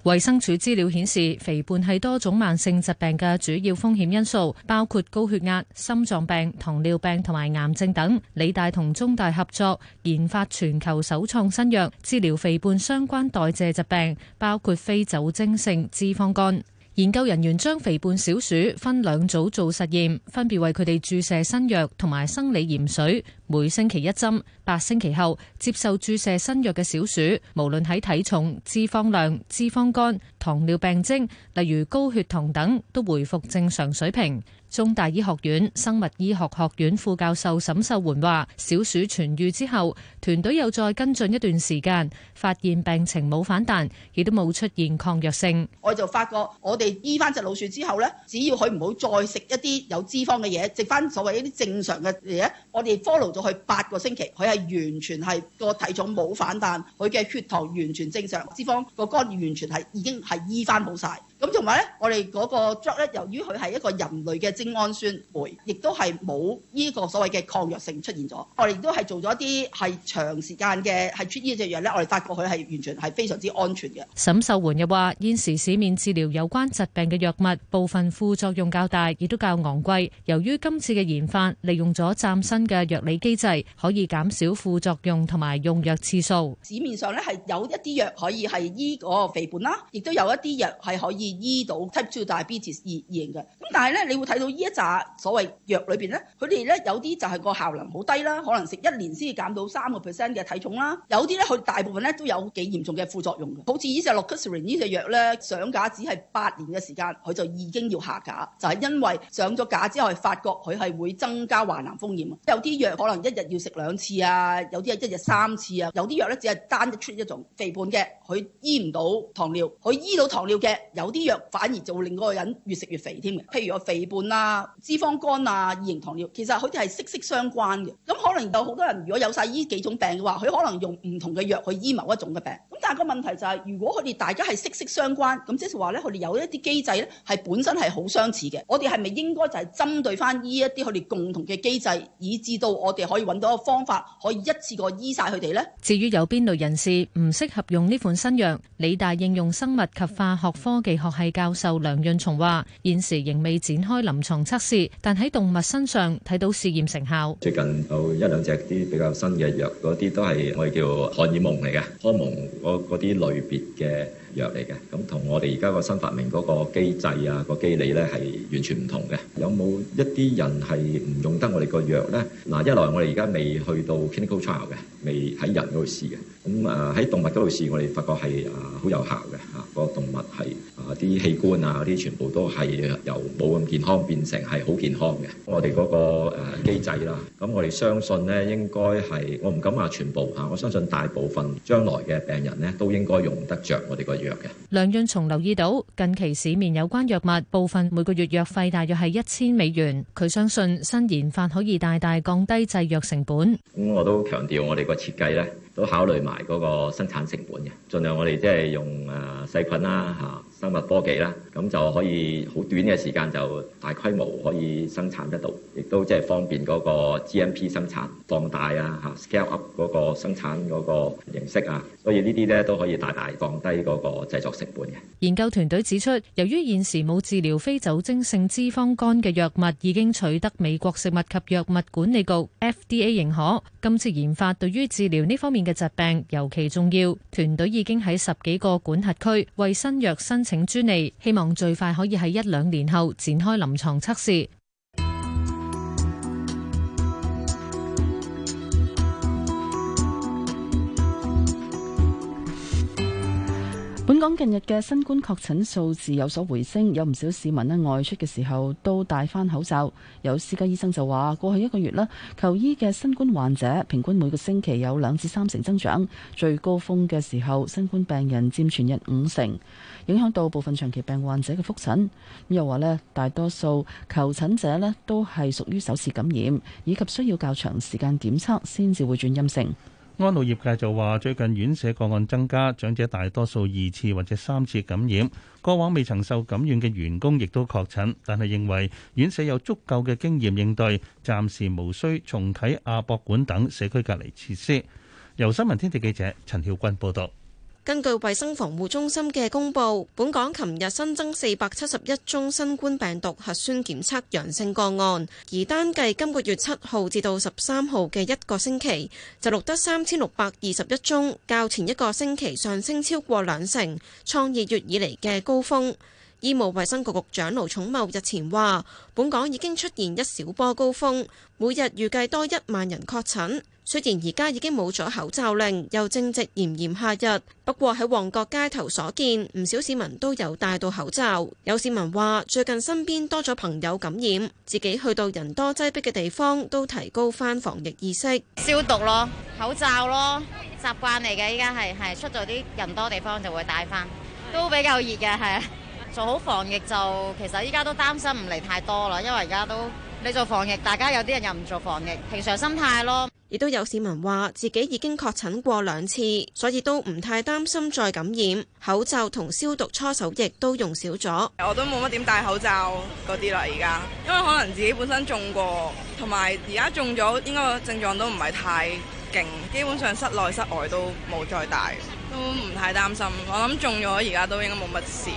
Speaker 11: 衛生署資料顯示，肥胖係多種慢性疾病嘅主要風險因素，包括高血壓、心臟病、糖尿病同埋癌症等。理大同中大合作研發全球首創新藥，治療肥胖相關代謝疾病，包括非酒精性脂肪肝。研究人員將肥胖小鼠分兩組做實驗，分別為佢哋注射新藥同埋生理鹽水，每星期一針。八星期後，接受注射新藥嘅小鼠，無論喺體重、脂肪量、脂肪肝、糖尿病徵，例如高血糖等，都回復正常水平。中大醫學院生物醫學學院副教授沈秀媛話，小鼠痊愈之後，團隊又再跟進一段時間，發現病情冇反彈，亦都冇出現抗藥性。
Speaker 19: 我就發覺，我哋醫翻隻老鼠之後咧，只要佢唔好再食一啲有脂肪嘅嘢，食翻所謂一啲正常嘅嘢，我哋 follow 咗佢八個星期，佢係完全係個體重冇反彈，佢嘅血糖完全正常，脂肪個肝完全係已經係醫翻好晒。咁同埋咧，我哋嗰個 job 咧，由於佢係一個人類嘅精氨酸酶，亦都係冇呢個所謂嘅抗藥性出現咗。我哋亦都係做咗一啲係長時間嘅係出呢隻藥咧，我哋發覺佢係完全係非常之安全嘅。
Speaker 11: 沈秀媛又話現時市面治療有關疾病嘅藥物，部分副作用較大，亦都較昂貴。由於今次嘅研發利用咗嶄新嘅藥理機制，可以減少副作用同埋用藥次數，
Speaker 19: 市面上咧係有一啲藥可以係醫嗰個肥胖啦，亦都有一啲藥係可以。醫到 type two diabetes 二型嘅，咁但係咧，你會睇到呢一紮所謂藥裏邊咧，佢哋咧有啲就係個效能好低啦，可能食一年先至減到三個 percent 嘅體重啦。有啲咧佢大部分咧都有幾嚴重嘅副作用嘅，好似依隻 Lorcaserin 依隻藥咧，上架只係八年嘅時間，佢就已經要下架，就係、是、因為上咗架之後係發覺佢係會增加患癌風險。有啲藥可能一日要食兩次啊，有啲係一日三次啊，有啲藥咧只係單出一種肥胖嘅，佢醫唔到糖尿，佢醫到糖尿嘅。有啲。藥反而就會令嗰個人越食越肥添嘅，譬如我肥胖啊、脂肪肝啊、二型糖尿，其實佢哋係息息相關嘅。咁可能有好多人如果有晒呢幾種病嘅話，佢可能用唔同嘅藥去醫某一種嘅病。咁但係個問題就係，如果佢哋大家係息息相關，咁即是話咧，佢哋有一啲機制咧，係本身係好相似嘅。我哋係咪應該就係針對翻呢一啲佢哋共同嘅機制，以至到我哋可以揾到一個方法，可以一次過醫
Speaker 11: 晒佢哋呢？至於有邊類人士唔適合用呢款新藥，理大應用生物及化學科技。學系教授梁潤松話：現時仍未展開臨床測試，但喺動物身上睇到試驗成效。最近
Speaker 20: 有一兩隻啲比較新嘅藥，嗰啲都係我哋叫荷爾蒙嚟嘅，荷爾蒙嗰啲類別嘅。藥嚟嘅，咁同、嗯、我哋而家個新發明嗰個機制啊、個機理咧係完全唔同嘅。有冇一啲人係唔用得我哋個藥咧？嗱，一來我哋而家未去到 clinical trial 嘅，未喺人嗰度試嘅。咁啊喺動物嗰度試，我哋發覺係啊好有效嘅嚇，個、啊、動物係啊啲器官啊嗰啲全部都係由冇咁健康變成係好健康嘅。我哋嗰、那個誒、啊、機制啦，咁我哋相信咧應該係我唔敢話全部嚇、啊，我相信大部分將來嘅病人咧都應該用得着我哋個藥。
Speaker 11: 梁潤松留意到近期市面有關藥物部分每個月藥費大約係一千美元，佢相信新研發可以大大降低製藥成本。
Speaker 20: 咁我都強調我哋個設計咧，都考慮埋嗰個生產成本嘅，盡量我哋即係用誒細菌啦吓。生物科技啦，咁就可以好短嘅時間就大規模可以生產得到，亦都即係方便嗰個 GMP 生產放大啊，吓 scale up 嗰個生產嗰個形式啊，所以呢啲咧都可以大大降低嗰個製作成本嘅。
Speaker 11: 研究團隊指出，由於現時冇治療非酒精性脂肪肝嘅藥物已經取得美國食物及藥物管理局 FDA 認可，今次研發對於治療呢方面嘅疾病尤其重要。團隊已經喺十幾個管轄區為新藥申請請專利，希望最快可以喺一兩年後展開臨床測試。
Speaker 3: 本港近日嘅新冠確診數字有所回升，有唔少市民咧外出嘅時候都戴返口罩。有私家醫生就話，過去一個月咧求醫嘅新冠患者平均每個星期有兩至三成增長，最高峰嘅時候，新冠病人佔全日五成。影響到部分長期病患者嘅覆診。又話呢，大多數求診者呢都係屬於首次感染，以及需要較長時間檢測先至會轉陰性。
Speaker 4: 安老業界就話，最近院舍個案增加，長者大多數二次或者三次感染。過往未曾受感染嘅員工亦都確診，但係認為院舍有足夠嘅經驗應對，暫時無需重啟亞博館等社區隔離設施。由新聞天地記者陳曉君報道。
Speaker 21: 根據衛生防護中心嘅公佈，本港琴日新增四百七十一宗新冠病毒核酸檢測陽性個案，而單計今個月七號至到十三號嘅一個星期，就錄得三千六百二十一宗，較前一個星期上升超過兩成，創二月以嚟嘅高峰。醫務衛生局局長盧寵茂日前話，本港已經出現一小波高峰，每日預計多一萬人確診。雖然而家已經冇咗口罩令，又正值炎炎夏日，不過喺旺角街頭所見，唔少市民都有戴到口罩。有市民話：最近身邊多咗朋友感染，自己去到人多擠迫嘅地方都提高翻防疫意識，消毒咯，
Speaker 13: 口罩咯，習慣嚟嘅。依家係係出咗啲人多地方就會戴翻，都比較熱嘅。係，做好防疫就其實依家都擔心唔嚟太多啦，因為而家都你做防疫，大家有啲人又唔做防疫，平常
Speaker 21: 心態咯。亦都有市民話自己已經確診過兩次，所以都唔太擔心再感染。口罩同消毒搓手液都用少咗。
Speaker 19: 我都冇乜點戴口罩嗰啲啦，而家因為可能自己本身中過，同埋而家中咗，應該症狀都唔係太勁，基本上室內室外都冇再戴，
Speaker 12: 都唔太擔
Speaker 19: 心。我諗中咗而家都應該冇乜事。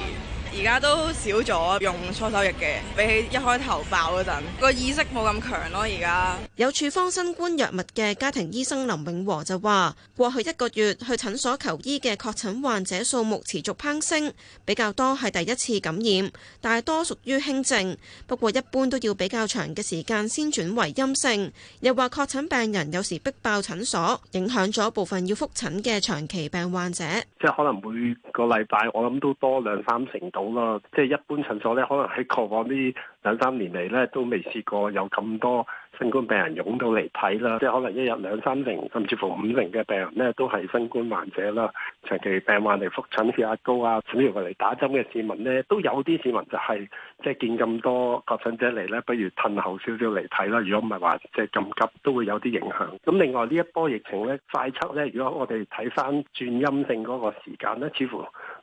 Speaker 19: 而家都少咗用搓手液嘅，比起一開頭爆嗰陣，個意識冇咁強咯。而家
Speaker 21: 有處方新冠藥物嘅家庭醫生林永和就話，過去一個月去診所求醫嘅確診患者數目持續攀升，比較多係第一次感染，大多屬於輕症，不過一般都要比較長嘅時間先轉為陰性。又話確診病人有時逼爆診所，影響咗部分要複診嘅長期病患者。
Speaker 22: 即係可能每個禮拜我諗都多兩三成度。好啦，即係一般診所咧，可能喺過往呢兩三年嚟咧，都未試過有咁多新冠病人湧到嚟睇啦。即係可能一日兩三成，甚至乎五成嘅病人咧，都係新冠患者啦。長期病患嚟復診，血壓高啊，甚至乎嚟打針嘅市民咧，都有啲市民就係、是、即係見咁多確診者嚟咧，不如褪後少少嚟睇啦。如果唔係話即係咁急，都會有啲影響。咁另外呢一波疫情咧，快測咧，如果我哋睇翻轉陰性嗰個時間咧，似乎。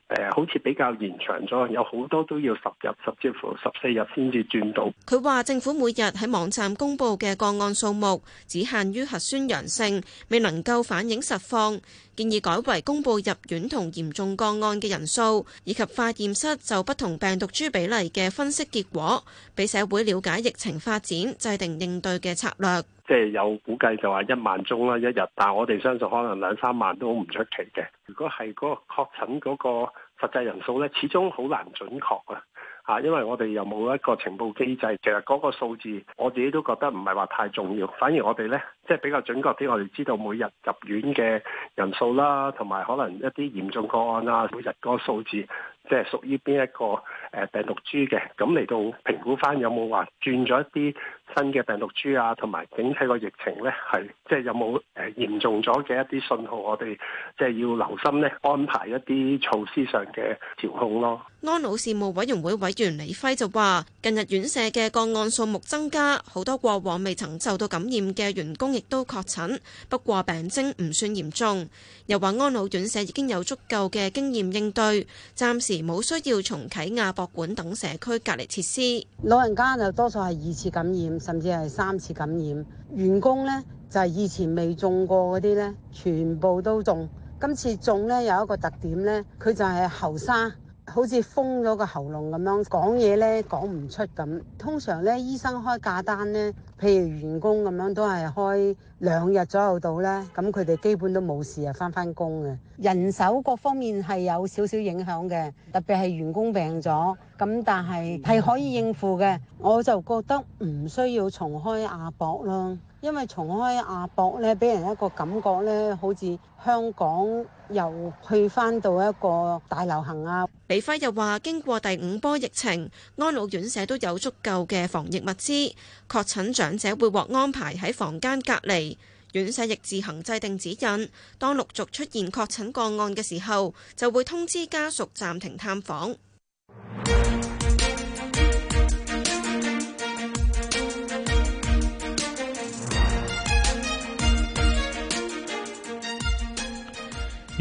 Speaker 22: 誒，好似比較延長咗，有好多都要十日，甚至乎十四日先至轉到。
Speaker 21: 佢話政府每日喺網站公布嘅個案數目，只限於核酸陽性，未能夠反映實況，建議改為公布入院同嚴重個案嘅人數，以及化驗室就不同病毒株比例嘅分析結果，畀社會了解疫情發展，制定應對嘅策略。
Speaker 22: 即係有估計就話一萬宗啦，一日，但係我哋相信可能兩三萬都唔出奇嘅。如果係嗰個確診嗰個實際人數呢，始終好難準確啊！嚇，因為我哋又冇一個情報機制，其實嗰個數字我自己都覺得唔係話太重要。反而我哋呢，即係比較準確啲，我哋知道每日入院嘅人數啦，同埋可能一啲嚴重個案啦，每日個數字。即係屬於邊一個誒病毒株嘅，咁嚟到評估翻有冇話轉咗一啲新嘅病毒株啊，同埋整體個疫情咧，係即係有冇誒嚴重咗嘅一啲信號，我哋即係要留心咧，安排一啲措施上嘅調控咯。
Speaker 21: 安老事務委員會委員李輝就話近日院舍嘅個案數目增加，好多過往未曾受到感染嘅員工亦都確診，不過病徵唔算嚴重。又話安老院舍已經有足夠嘅經驗應對暫時。冇需要重啟亞博館等社區隔離設施。老人家就多數係二次感染，
Speaker 19: 甚至係三次感染。員工呢，就係、是、以前未中過嗰啲呢，全部都中。今次中呢，有一個特點呢，佢就係喉沙，好似封咗個喉嚨咁樣，講嘢呢講唔出咁。通常呢，醫生開假單呢。譬如員工咁樣都係開兩日左右到咧，咁佢哋基本都冇事啊，翻返工嘅人手各方面係有少少影響嘅，特別係員工病咗，咁但係係可以應付嘅，我就覺得唔需要重開亞博咯，因為重開亞博咧，俾人一個感覺咧，好
Speaker 21: 似香港又去翻到一個大流行啊。李輝又話：經過第五波疫情，安老院舍都有足夠嘅防疫物資，確診者，長者會獲安排喺房間隔離，院舍亦自行制定指引。當陸續出現確診個案嘅時候，就會通知家屬暫停探訪。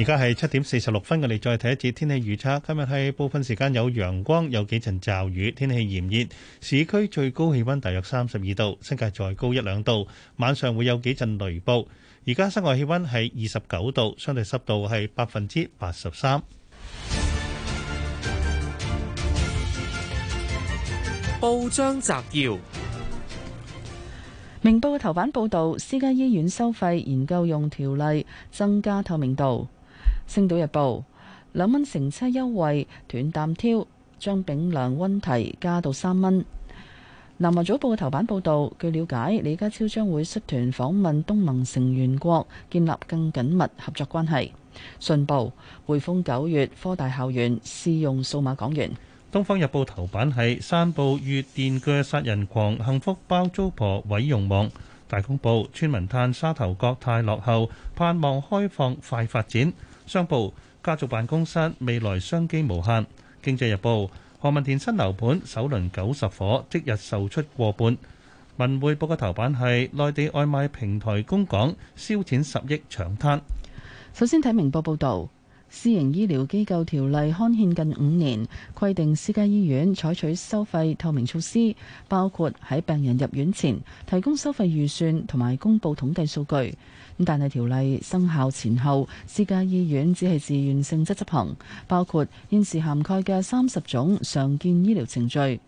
Speaker 4: 而家係七點四十六分，我哋再睇一節天氣預測。今日係部分時間有陽光，有幾陣驟雨，天氣炎熱。市區最高氣温大約三十二度，新界再高一兩度。晚上會有幾陣雷暴。而家室外氣温係二十九度，相對濕度係百分之八十三。報章摘要：
Speaker 3: 明報嘅頭版報道，私家醫院收費研究用條例，增加透明度。《星島日報》兩蚊乘車優惠斷擔挑，挑將丙涼溫提加到三蚊。《南華早報》嘅頭版報道，據了解李家超將會率團訪問東盟成員國，建立更緊密合作關係。《信報》匯豐九月科大校園試用數碼港元。
Speaker 4: 《東方日報》頭版係三部遇電鋸殺人狂，幸福包租婆毀容網。《大公報》村民嘆沙頭角太落後，盼望開放快發展。商報，家族辦公室未來商機無限。經濟日報，何文田新樓盤首輪九十火即日售出過半。文匯報嘅頭版係內地外賣平台供港燒錢十億搶灘。
Speaker 3: 首先睇明報報導，私營醫療機構條例刊憲近五年，規定私家醫院採取收費透明措施，包括喺病人入院前提供收費預算同埋公佈統計數據。但係條例生效前後，私家醫院只係自願性質執行，包括現時涵蓋嘅三十種常見醫療程序。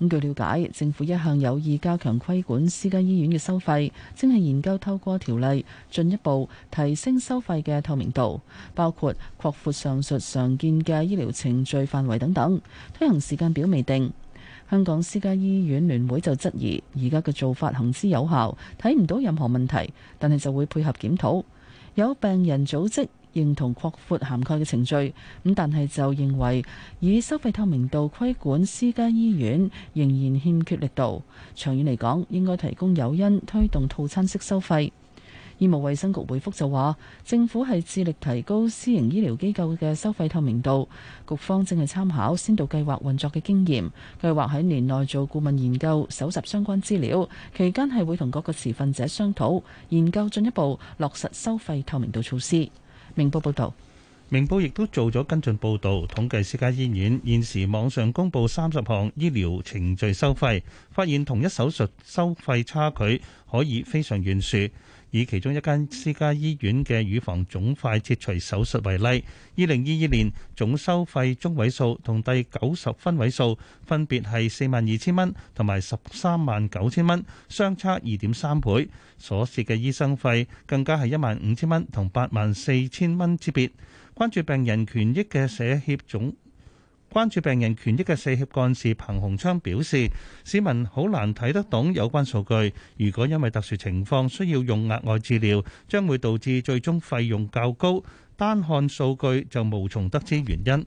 Speaker 3: 咁據了解，政府一向有意加強規管私家醫院嘅收費，正係研究透過條例進一步提升收費嘅透明度，包括擴闊上述常見嘅醫療程序範圍等等。推行時間表未定。香港私家醫院聯會就質疑，而家嘅做法行之有效，睇唔到任何問題，但係就會配合檢討。有病人組織認同擴闊涵蓋嘅程序，咁但係就認為以收費透明度規管私家醫院仍然欠缺力度，長遠嚟講應該提供誘因推動套餐式收費。醫務衛生局回覆就話，政府係致力提高私營醫療機構嘅收費透明度。局方正係參考先導計劃運作嘅經驗，計劃喺年內做顧問研究，搜集相關資料，期間係會同各個持份者商討，研究進一步落實收費透明度措施。明報報道，
Speaker 4: 明報亦都做咗跟進報道，統計私家醫院現時網上公布三十項醫療程序收費，發現同一手術收費差距可以非常懸殊。以其中一間私家醫院嘅乳房腫塊切除手術為例，二零二二年總收費中位數同第九十分位數分別係四萬二千蚊同埋十三萬九千蚊，相差二點三倍。所涉嘅醫生費更加係一萬五千蚊同八萬四千蚊之別。關注病人權益嘅社協總。關注病人權益嘅四協幹事彭洪昌表示，市民好難睇得懂有關數據。如果因為特殊情況需要用額外治療，將會導致最終費用較高。單看數據就無從得知原因。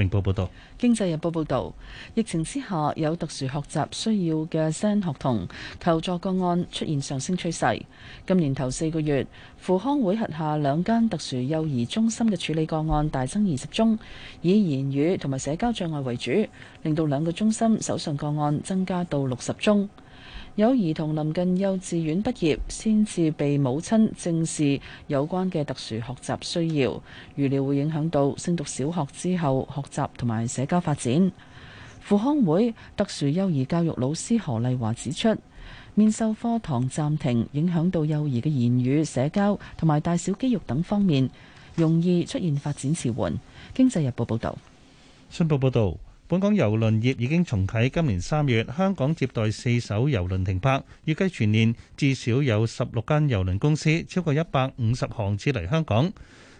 Speaker 4: 明報報導，
Speaker 3: 《經濟日報》報導，疫情之下有特殊學習需要嘅 SEN 學童求助個案出現上升趨勢。今年頭四個月，扶康會轄下兩間特殊幼兒中心嘅處理個案大增二十宗，以言語同埋社交障礙為主，令到兩個中心手上個案增加到六十宗。有兒童臨近幼稚園畢業，先至被母親正視有關嘅特殊學習需要，預料會影響到升讀小學之後學習同埋社交發展。扶康會特殊幼兒教育老師何麗華指出，面授課堂暫停影響到幼兒嘅言語、社交同埋大小肌肉等方面，容易出現發展遲緩。經濟日報報導。新報報導。
Speaker 4: 本港郵輪業已經重啟，今年三月香港接待四艘郵輪停泊，預計全年至少有十六間郵輪公司超過一百五十航次嚟香港。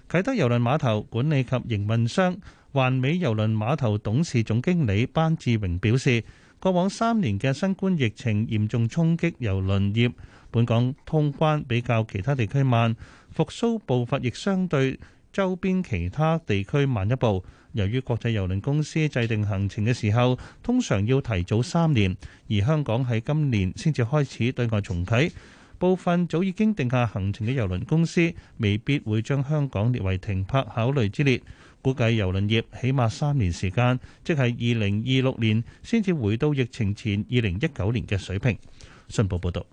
Speaker 4: 啟德郵輪碼頭管理及營運商環美郵輪碼頭董事總經理班志榮表示，過往三年嘅新冠疫情嚴重衝擊郵輪業，本港通關比較其他地區慢，復甦步伐亦相對周邊其他地區慢一步。由於國際郵輪公司製定行程嘅時候，通常要提早三年，而香港喺今年先至開始對外重啟，部分早已經定下行程嘅郵輪公司，未必會將香港列為停泊考慮之列。估計郵輪業起碼三年時間，即係二零二六年先至回到疫情前二零一九年嘅水平。信報報道。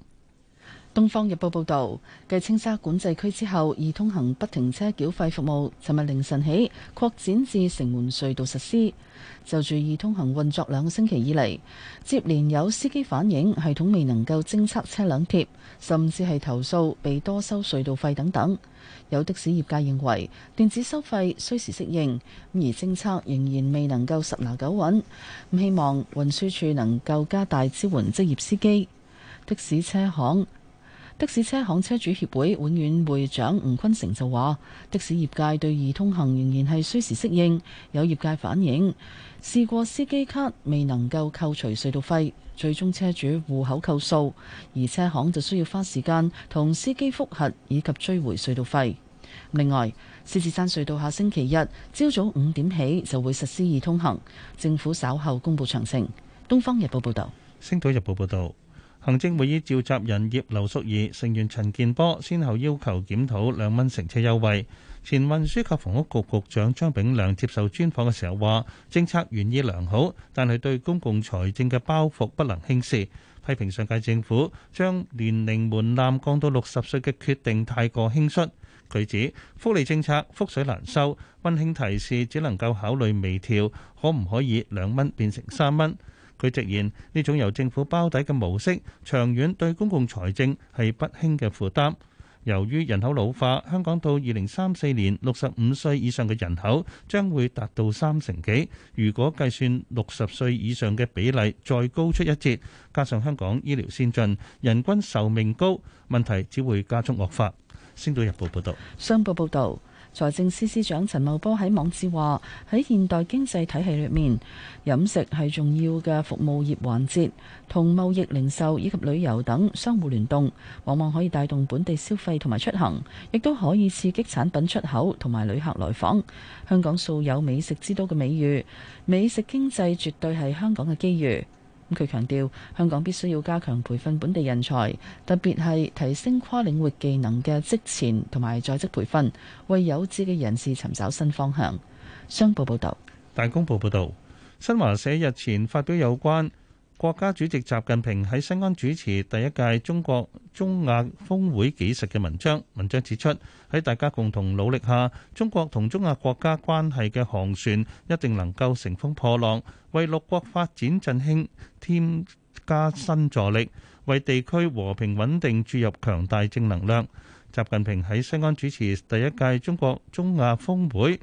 Speaker 3: 《東方日報》報道，繼青沙管制區之後，易通行不停車繳費服務，尋日凌晨起擴展至城門隧道實施。就住易通行運作兩個星期以嚟，接連有司機反映系統未能夠偵測車輛貼，甚至係投訴被多收隧道費等等。有的士業界認為電子收費需時適應，而政策仍然未能夠十拿九穩，希望運輸署能夠加大支援職業司機的士車行。的士車行車主協會永遠會長吳坤成就話：的士業界對易通行仍然係需時適應，有業界反映試過司機卡未能夠扣除隧道費，最終車主戶口扣數，而車行就需要花時間同司機複核以及追回隧道費。另外，獅子山隧道下星期日朝早五點起就會實施易通行，政府稍後公布詳情。《東方日報》報道。《星島日報》報道。行政會議
Speaker 4: 召集人葉劉淑儀、成員陳建波先後要求檢討兩蚊乘車優惠。前運輸及房屋局，局局長張炳良接受專訪嘅時候話：政策原意良好，但係對公共財政嘅包袱不能輕視。批評上屆政府將年齡門檻降，降到六十歲嘅決定太過輕率。佢指福利政策覆水難收，溫馨提示只能夠考慮微調，可唔可以兩蚊變成三蚊？佢直言，呢種由政府包底嘅模式，長遠對公共財政係不輕嘅負擔。由於人口老化，香港到二零三四年六十五歲以上嘅人口將會達到三成幾，如果計算六十歲以上嘅比例再高出一截，加上香港醫療先進，人均壽命高，問題只會加速惡化。星島日報報道。
Speaker 3: 商報報導。財政司司長陳茂波喺網誌話：喺現代經濟體系裏面，飲食係重要嘅服務業環節，同貿易、零售以及旅遊等相互聯動，往往可以帶動本地消費同埋出行，亦都可以刺激產品出口同埋旅客來訪。香港素有美食之都嘅美譽，美食經濟絕對係香港嘅機遇。佢強調，香港必須要加強培訓本地人才，特別係提升跨領域技能嘅職前同埋在職培訓，為有志嘅人士尋找新方向。商報報導，
Speaker 4: 大公報報導，新華社日前發表有關國家主席習近平喺西安主持第一屆中國中亞峰會紀實嘅文章。文章指出，喺大家共同努力下，中國同中亞國家關係嘅航船一定能夠乘風破浪。為六國發展振興添加新助力，為地區和平穩定注入強大正能量。習近平喺西安主持第一屆中國中亞峰會，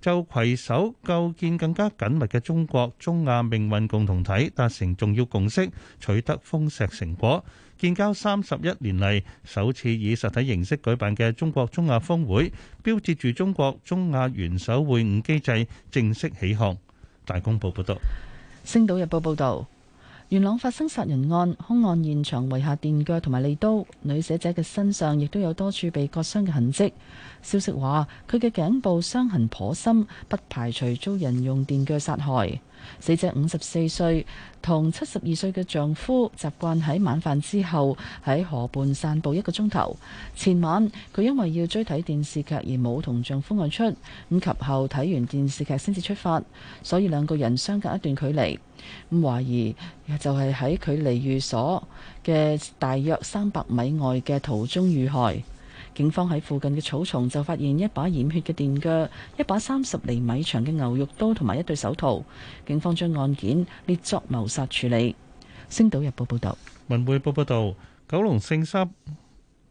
Speaker 4: 就攜手構建更加緊密嘅中國中亞命運共同體達成重要共識，取得豐碩成果。建交三十一年嚟，首次以實體形式舉辦嘅中國中亞峰會，標誌住中國中亞元首會晤機制正式起航。大公報報道，
Speaker 3: 《星島日報》報道，元朗發生殺人案，兇案現場遺下電鋸同埋利刀，女死者嘅身上亦都有多處被割傷嘅痕跡。消息話，佢嘅頸部傷痕頗深，不排除遭人用電鋸殺害。死者五十四歲，同七十二歲嘅丈夫習慣喺晚飯之後喺河畔散步一個鐘頭。前晚佢因為要追睇電視劇而冇同丈夫外出，咁及後睇完電視劇先至出發，所以兩個人相隔一段距離，咁懷疑就係喺距離寓所嘅大約三百米外嘅途中遇害。警方喺附近嘅草叢就發現一把染血嘅電鋸、一把三十厘米長嘅牛肉刀同埋一對手套。警方將案件列作謀殺處理。《星島日報》報道，
Speaker 4: 《文匯報》報道，《九龍聖濕》。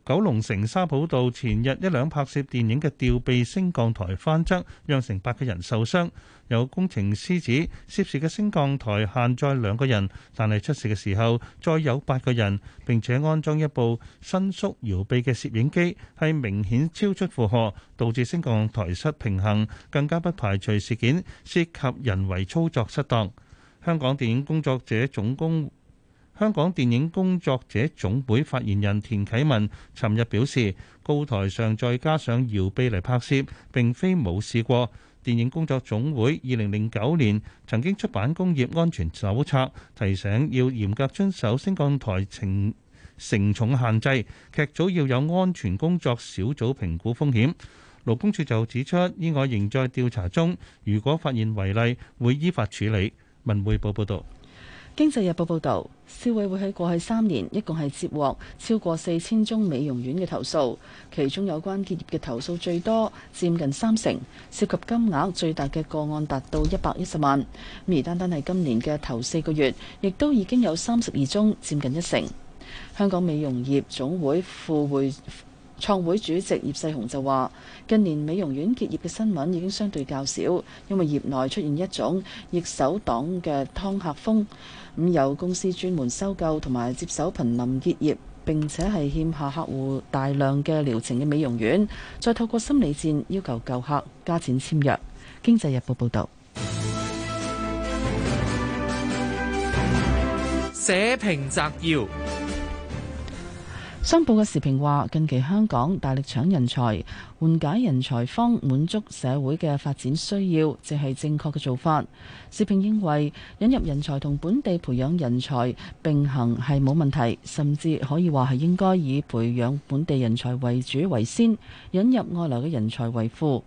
Speaker 4: 九龍城沙浦道前日一輛拍攝電影嘅吊臂升降台翻側，讓成八個人受傷。有工程師指，涉事嘅升降台限載兩個人，但係出事嘅時候再有八個人，並且安裝一部伸縮搖臂嘅攝影機，係明顯超出負荷，導致升降台失平衡，更加不排除事件涉及人為操作失當。香港電影工作者總工香港電影工作者總會發言人田啟文尋日表示，高台上再加上搖臂嚟拍攝並非冇試過。電影工作總會二零零九年曾經出版工業安全手冊，提醒要嚴格遵守升降台承承重限制，劇組要有安全工作小組評估風險。勞工處就指出，意外仍在調查中，如果發現違例，會依法處理。文匯報報道。
Speaker 3: 經濟日報報導，消委會喺過去三年一共係接獲超過四千宗美容院嘅投訴，其中有關結業嘅投訴最多，佔近三成，涉及金額最大嘅個案達到一百一十萬。而單單係今年嘅頭四個月，亦都已經有三十二宗，佔近一成。香港美容業總會副會創會主席葉世雄就話：近年美容院結業嘅新聞已經相對較少，因為業內出現一種逆手黨嘅劏客風。咁有公司專門收購同埋接手瀕臨結業，並且係欠下客戶大量嘅療程嘅美容院，再透過心理戰要求舊客加錢簽約。經濟日報報道。社評摘要。商報嘅時評話：近期香港大力搶人才，緩解人才荒，滿足社會嘅發展需要，即係正確嘅做法。時評認為，引入人才同本地培養人才並行係冇問題，甚至可以話係應該以培養本地人才為主為先，引入外來嘅人才為輔，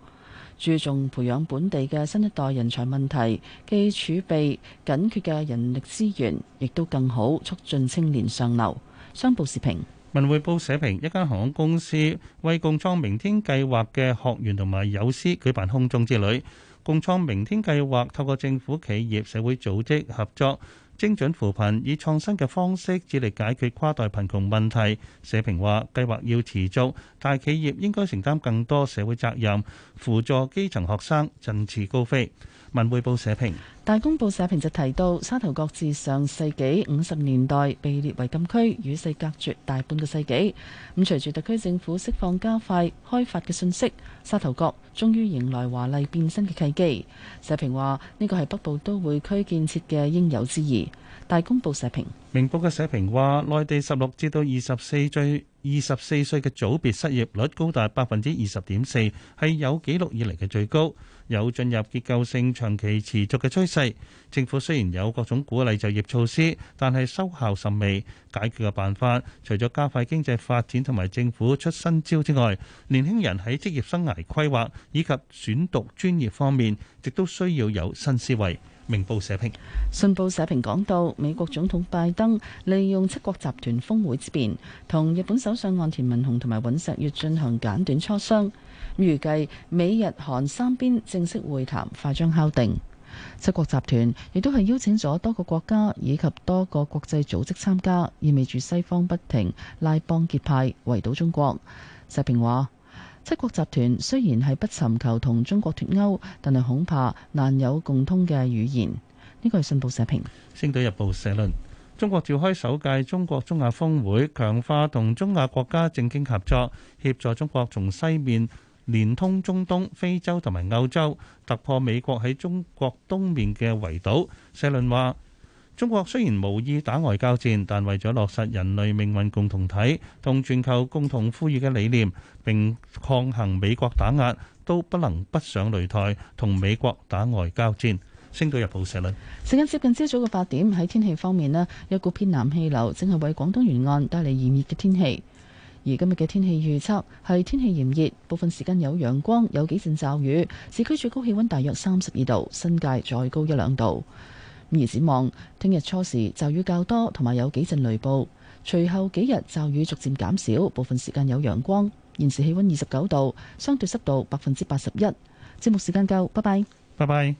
Speaker 3: 注重培養本地嘅新一代人才問題，既儲備緊缺嘅人力資源，亦都更好促進青年上流。商報時評。
Speaker 4: 文匯報社評：一間航空公司為共創明天計劃嘅學員同埋幼師舉辦空中之旅。共創明天計劃透過政府、企業、社會組織合作，精準扶貧，以創新嘅方式致力解決跨代貧窮問題。社評話：計劃要持續，大企業應該承擔更多社會責任，輔助基層學生振翅高飛。文匯報社評，
Speaker 3: 大公報社評就提到沙頭角自上世紀，五十年代被列為禁區，與世隔絕大半個世紀。咁隨住特區政府釋放加快開發嘅訊息，沙頭角終於迎來華麗變身嘅契機。社評話，呢個係北部都會區建設嘅應有之義。大公報社評，
Speaker 4: 明報嘅社評話內地十六至到二十四歲，二十四歲嘅組別失業率高達百分之二十點四，係有記錄以嚟嘅最高，有進入結構性長期持續嘅趨勢。政府雖然有各種鼓勵就業措施，但係收效甚微。解決嘅辦法，除咗加快經濟發展同埋政府出新招之外，年輕人喺職業生涯規劃以及選讀專業方面，亦都需要有新思維。明報社
Speaker 3: 評，信報社評講到，美國總統拜登利用七國集團峰會之便，同日本首相岸田文雄同埋尹錫悦進行簡短磋商。預計美日韓三邊正式會談快將敲定，七國集團亦都係邀請咗多個國家以及多個國際組織參加，意味住西方不停拉幫結派圍堵中國。社評話：七國集團雖然係不尋求同中國脫鉤，但係恐怕難有共通嘅語言。呢個係信報社評，
Speaker 4: 《星島日報》社論：中國召開首屆中國中亞峰會，強化同中亞國家政經合作，協助中國從西面。連通中東、非洲同埋歐洲，突破美國喺中國東面嘅圍堵。社論話：中國雖然無意打外交戰，但為咗落實人類命運共同體同全球共同富裕嘅理念，並抗衡美國打壓，都不能不上擂台同美國打外交戰。星島日報社論。
Speaker 3: 時間接近朝早嘅八點，喺天氣方面咧，有一股偏南氣流正係為廣東沿岸帶嚟炎熱嘅天氣。而今日嘅天氣預測係天氣炎熱，部分時間有陽光，有幾陣驟雨。市區最高氣溫大約三十二度，新界再高一兩度。而展望聽日初時驟雨較多，同埋有幾陣雷暴。隨後幾日驟雨逐漸減少，部分時間有陽光。現時氣溫二十九度，相對濕度百
Speaker 16: 分之八十一。節目時間夠，拜拜。拜拜。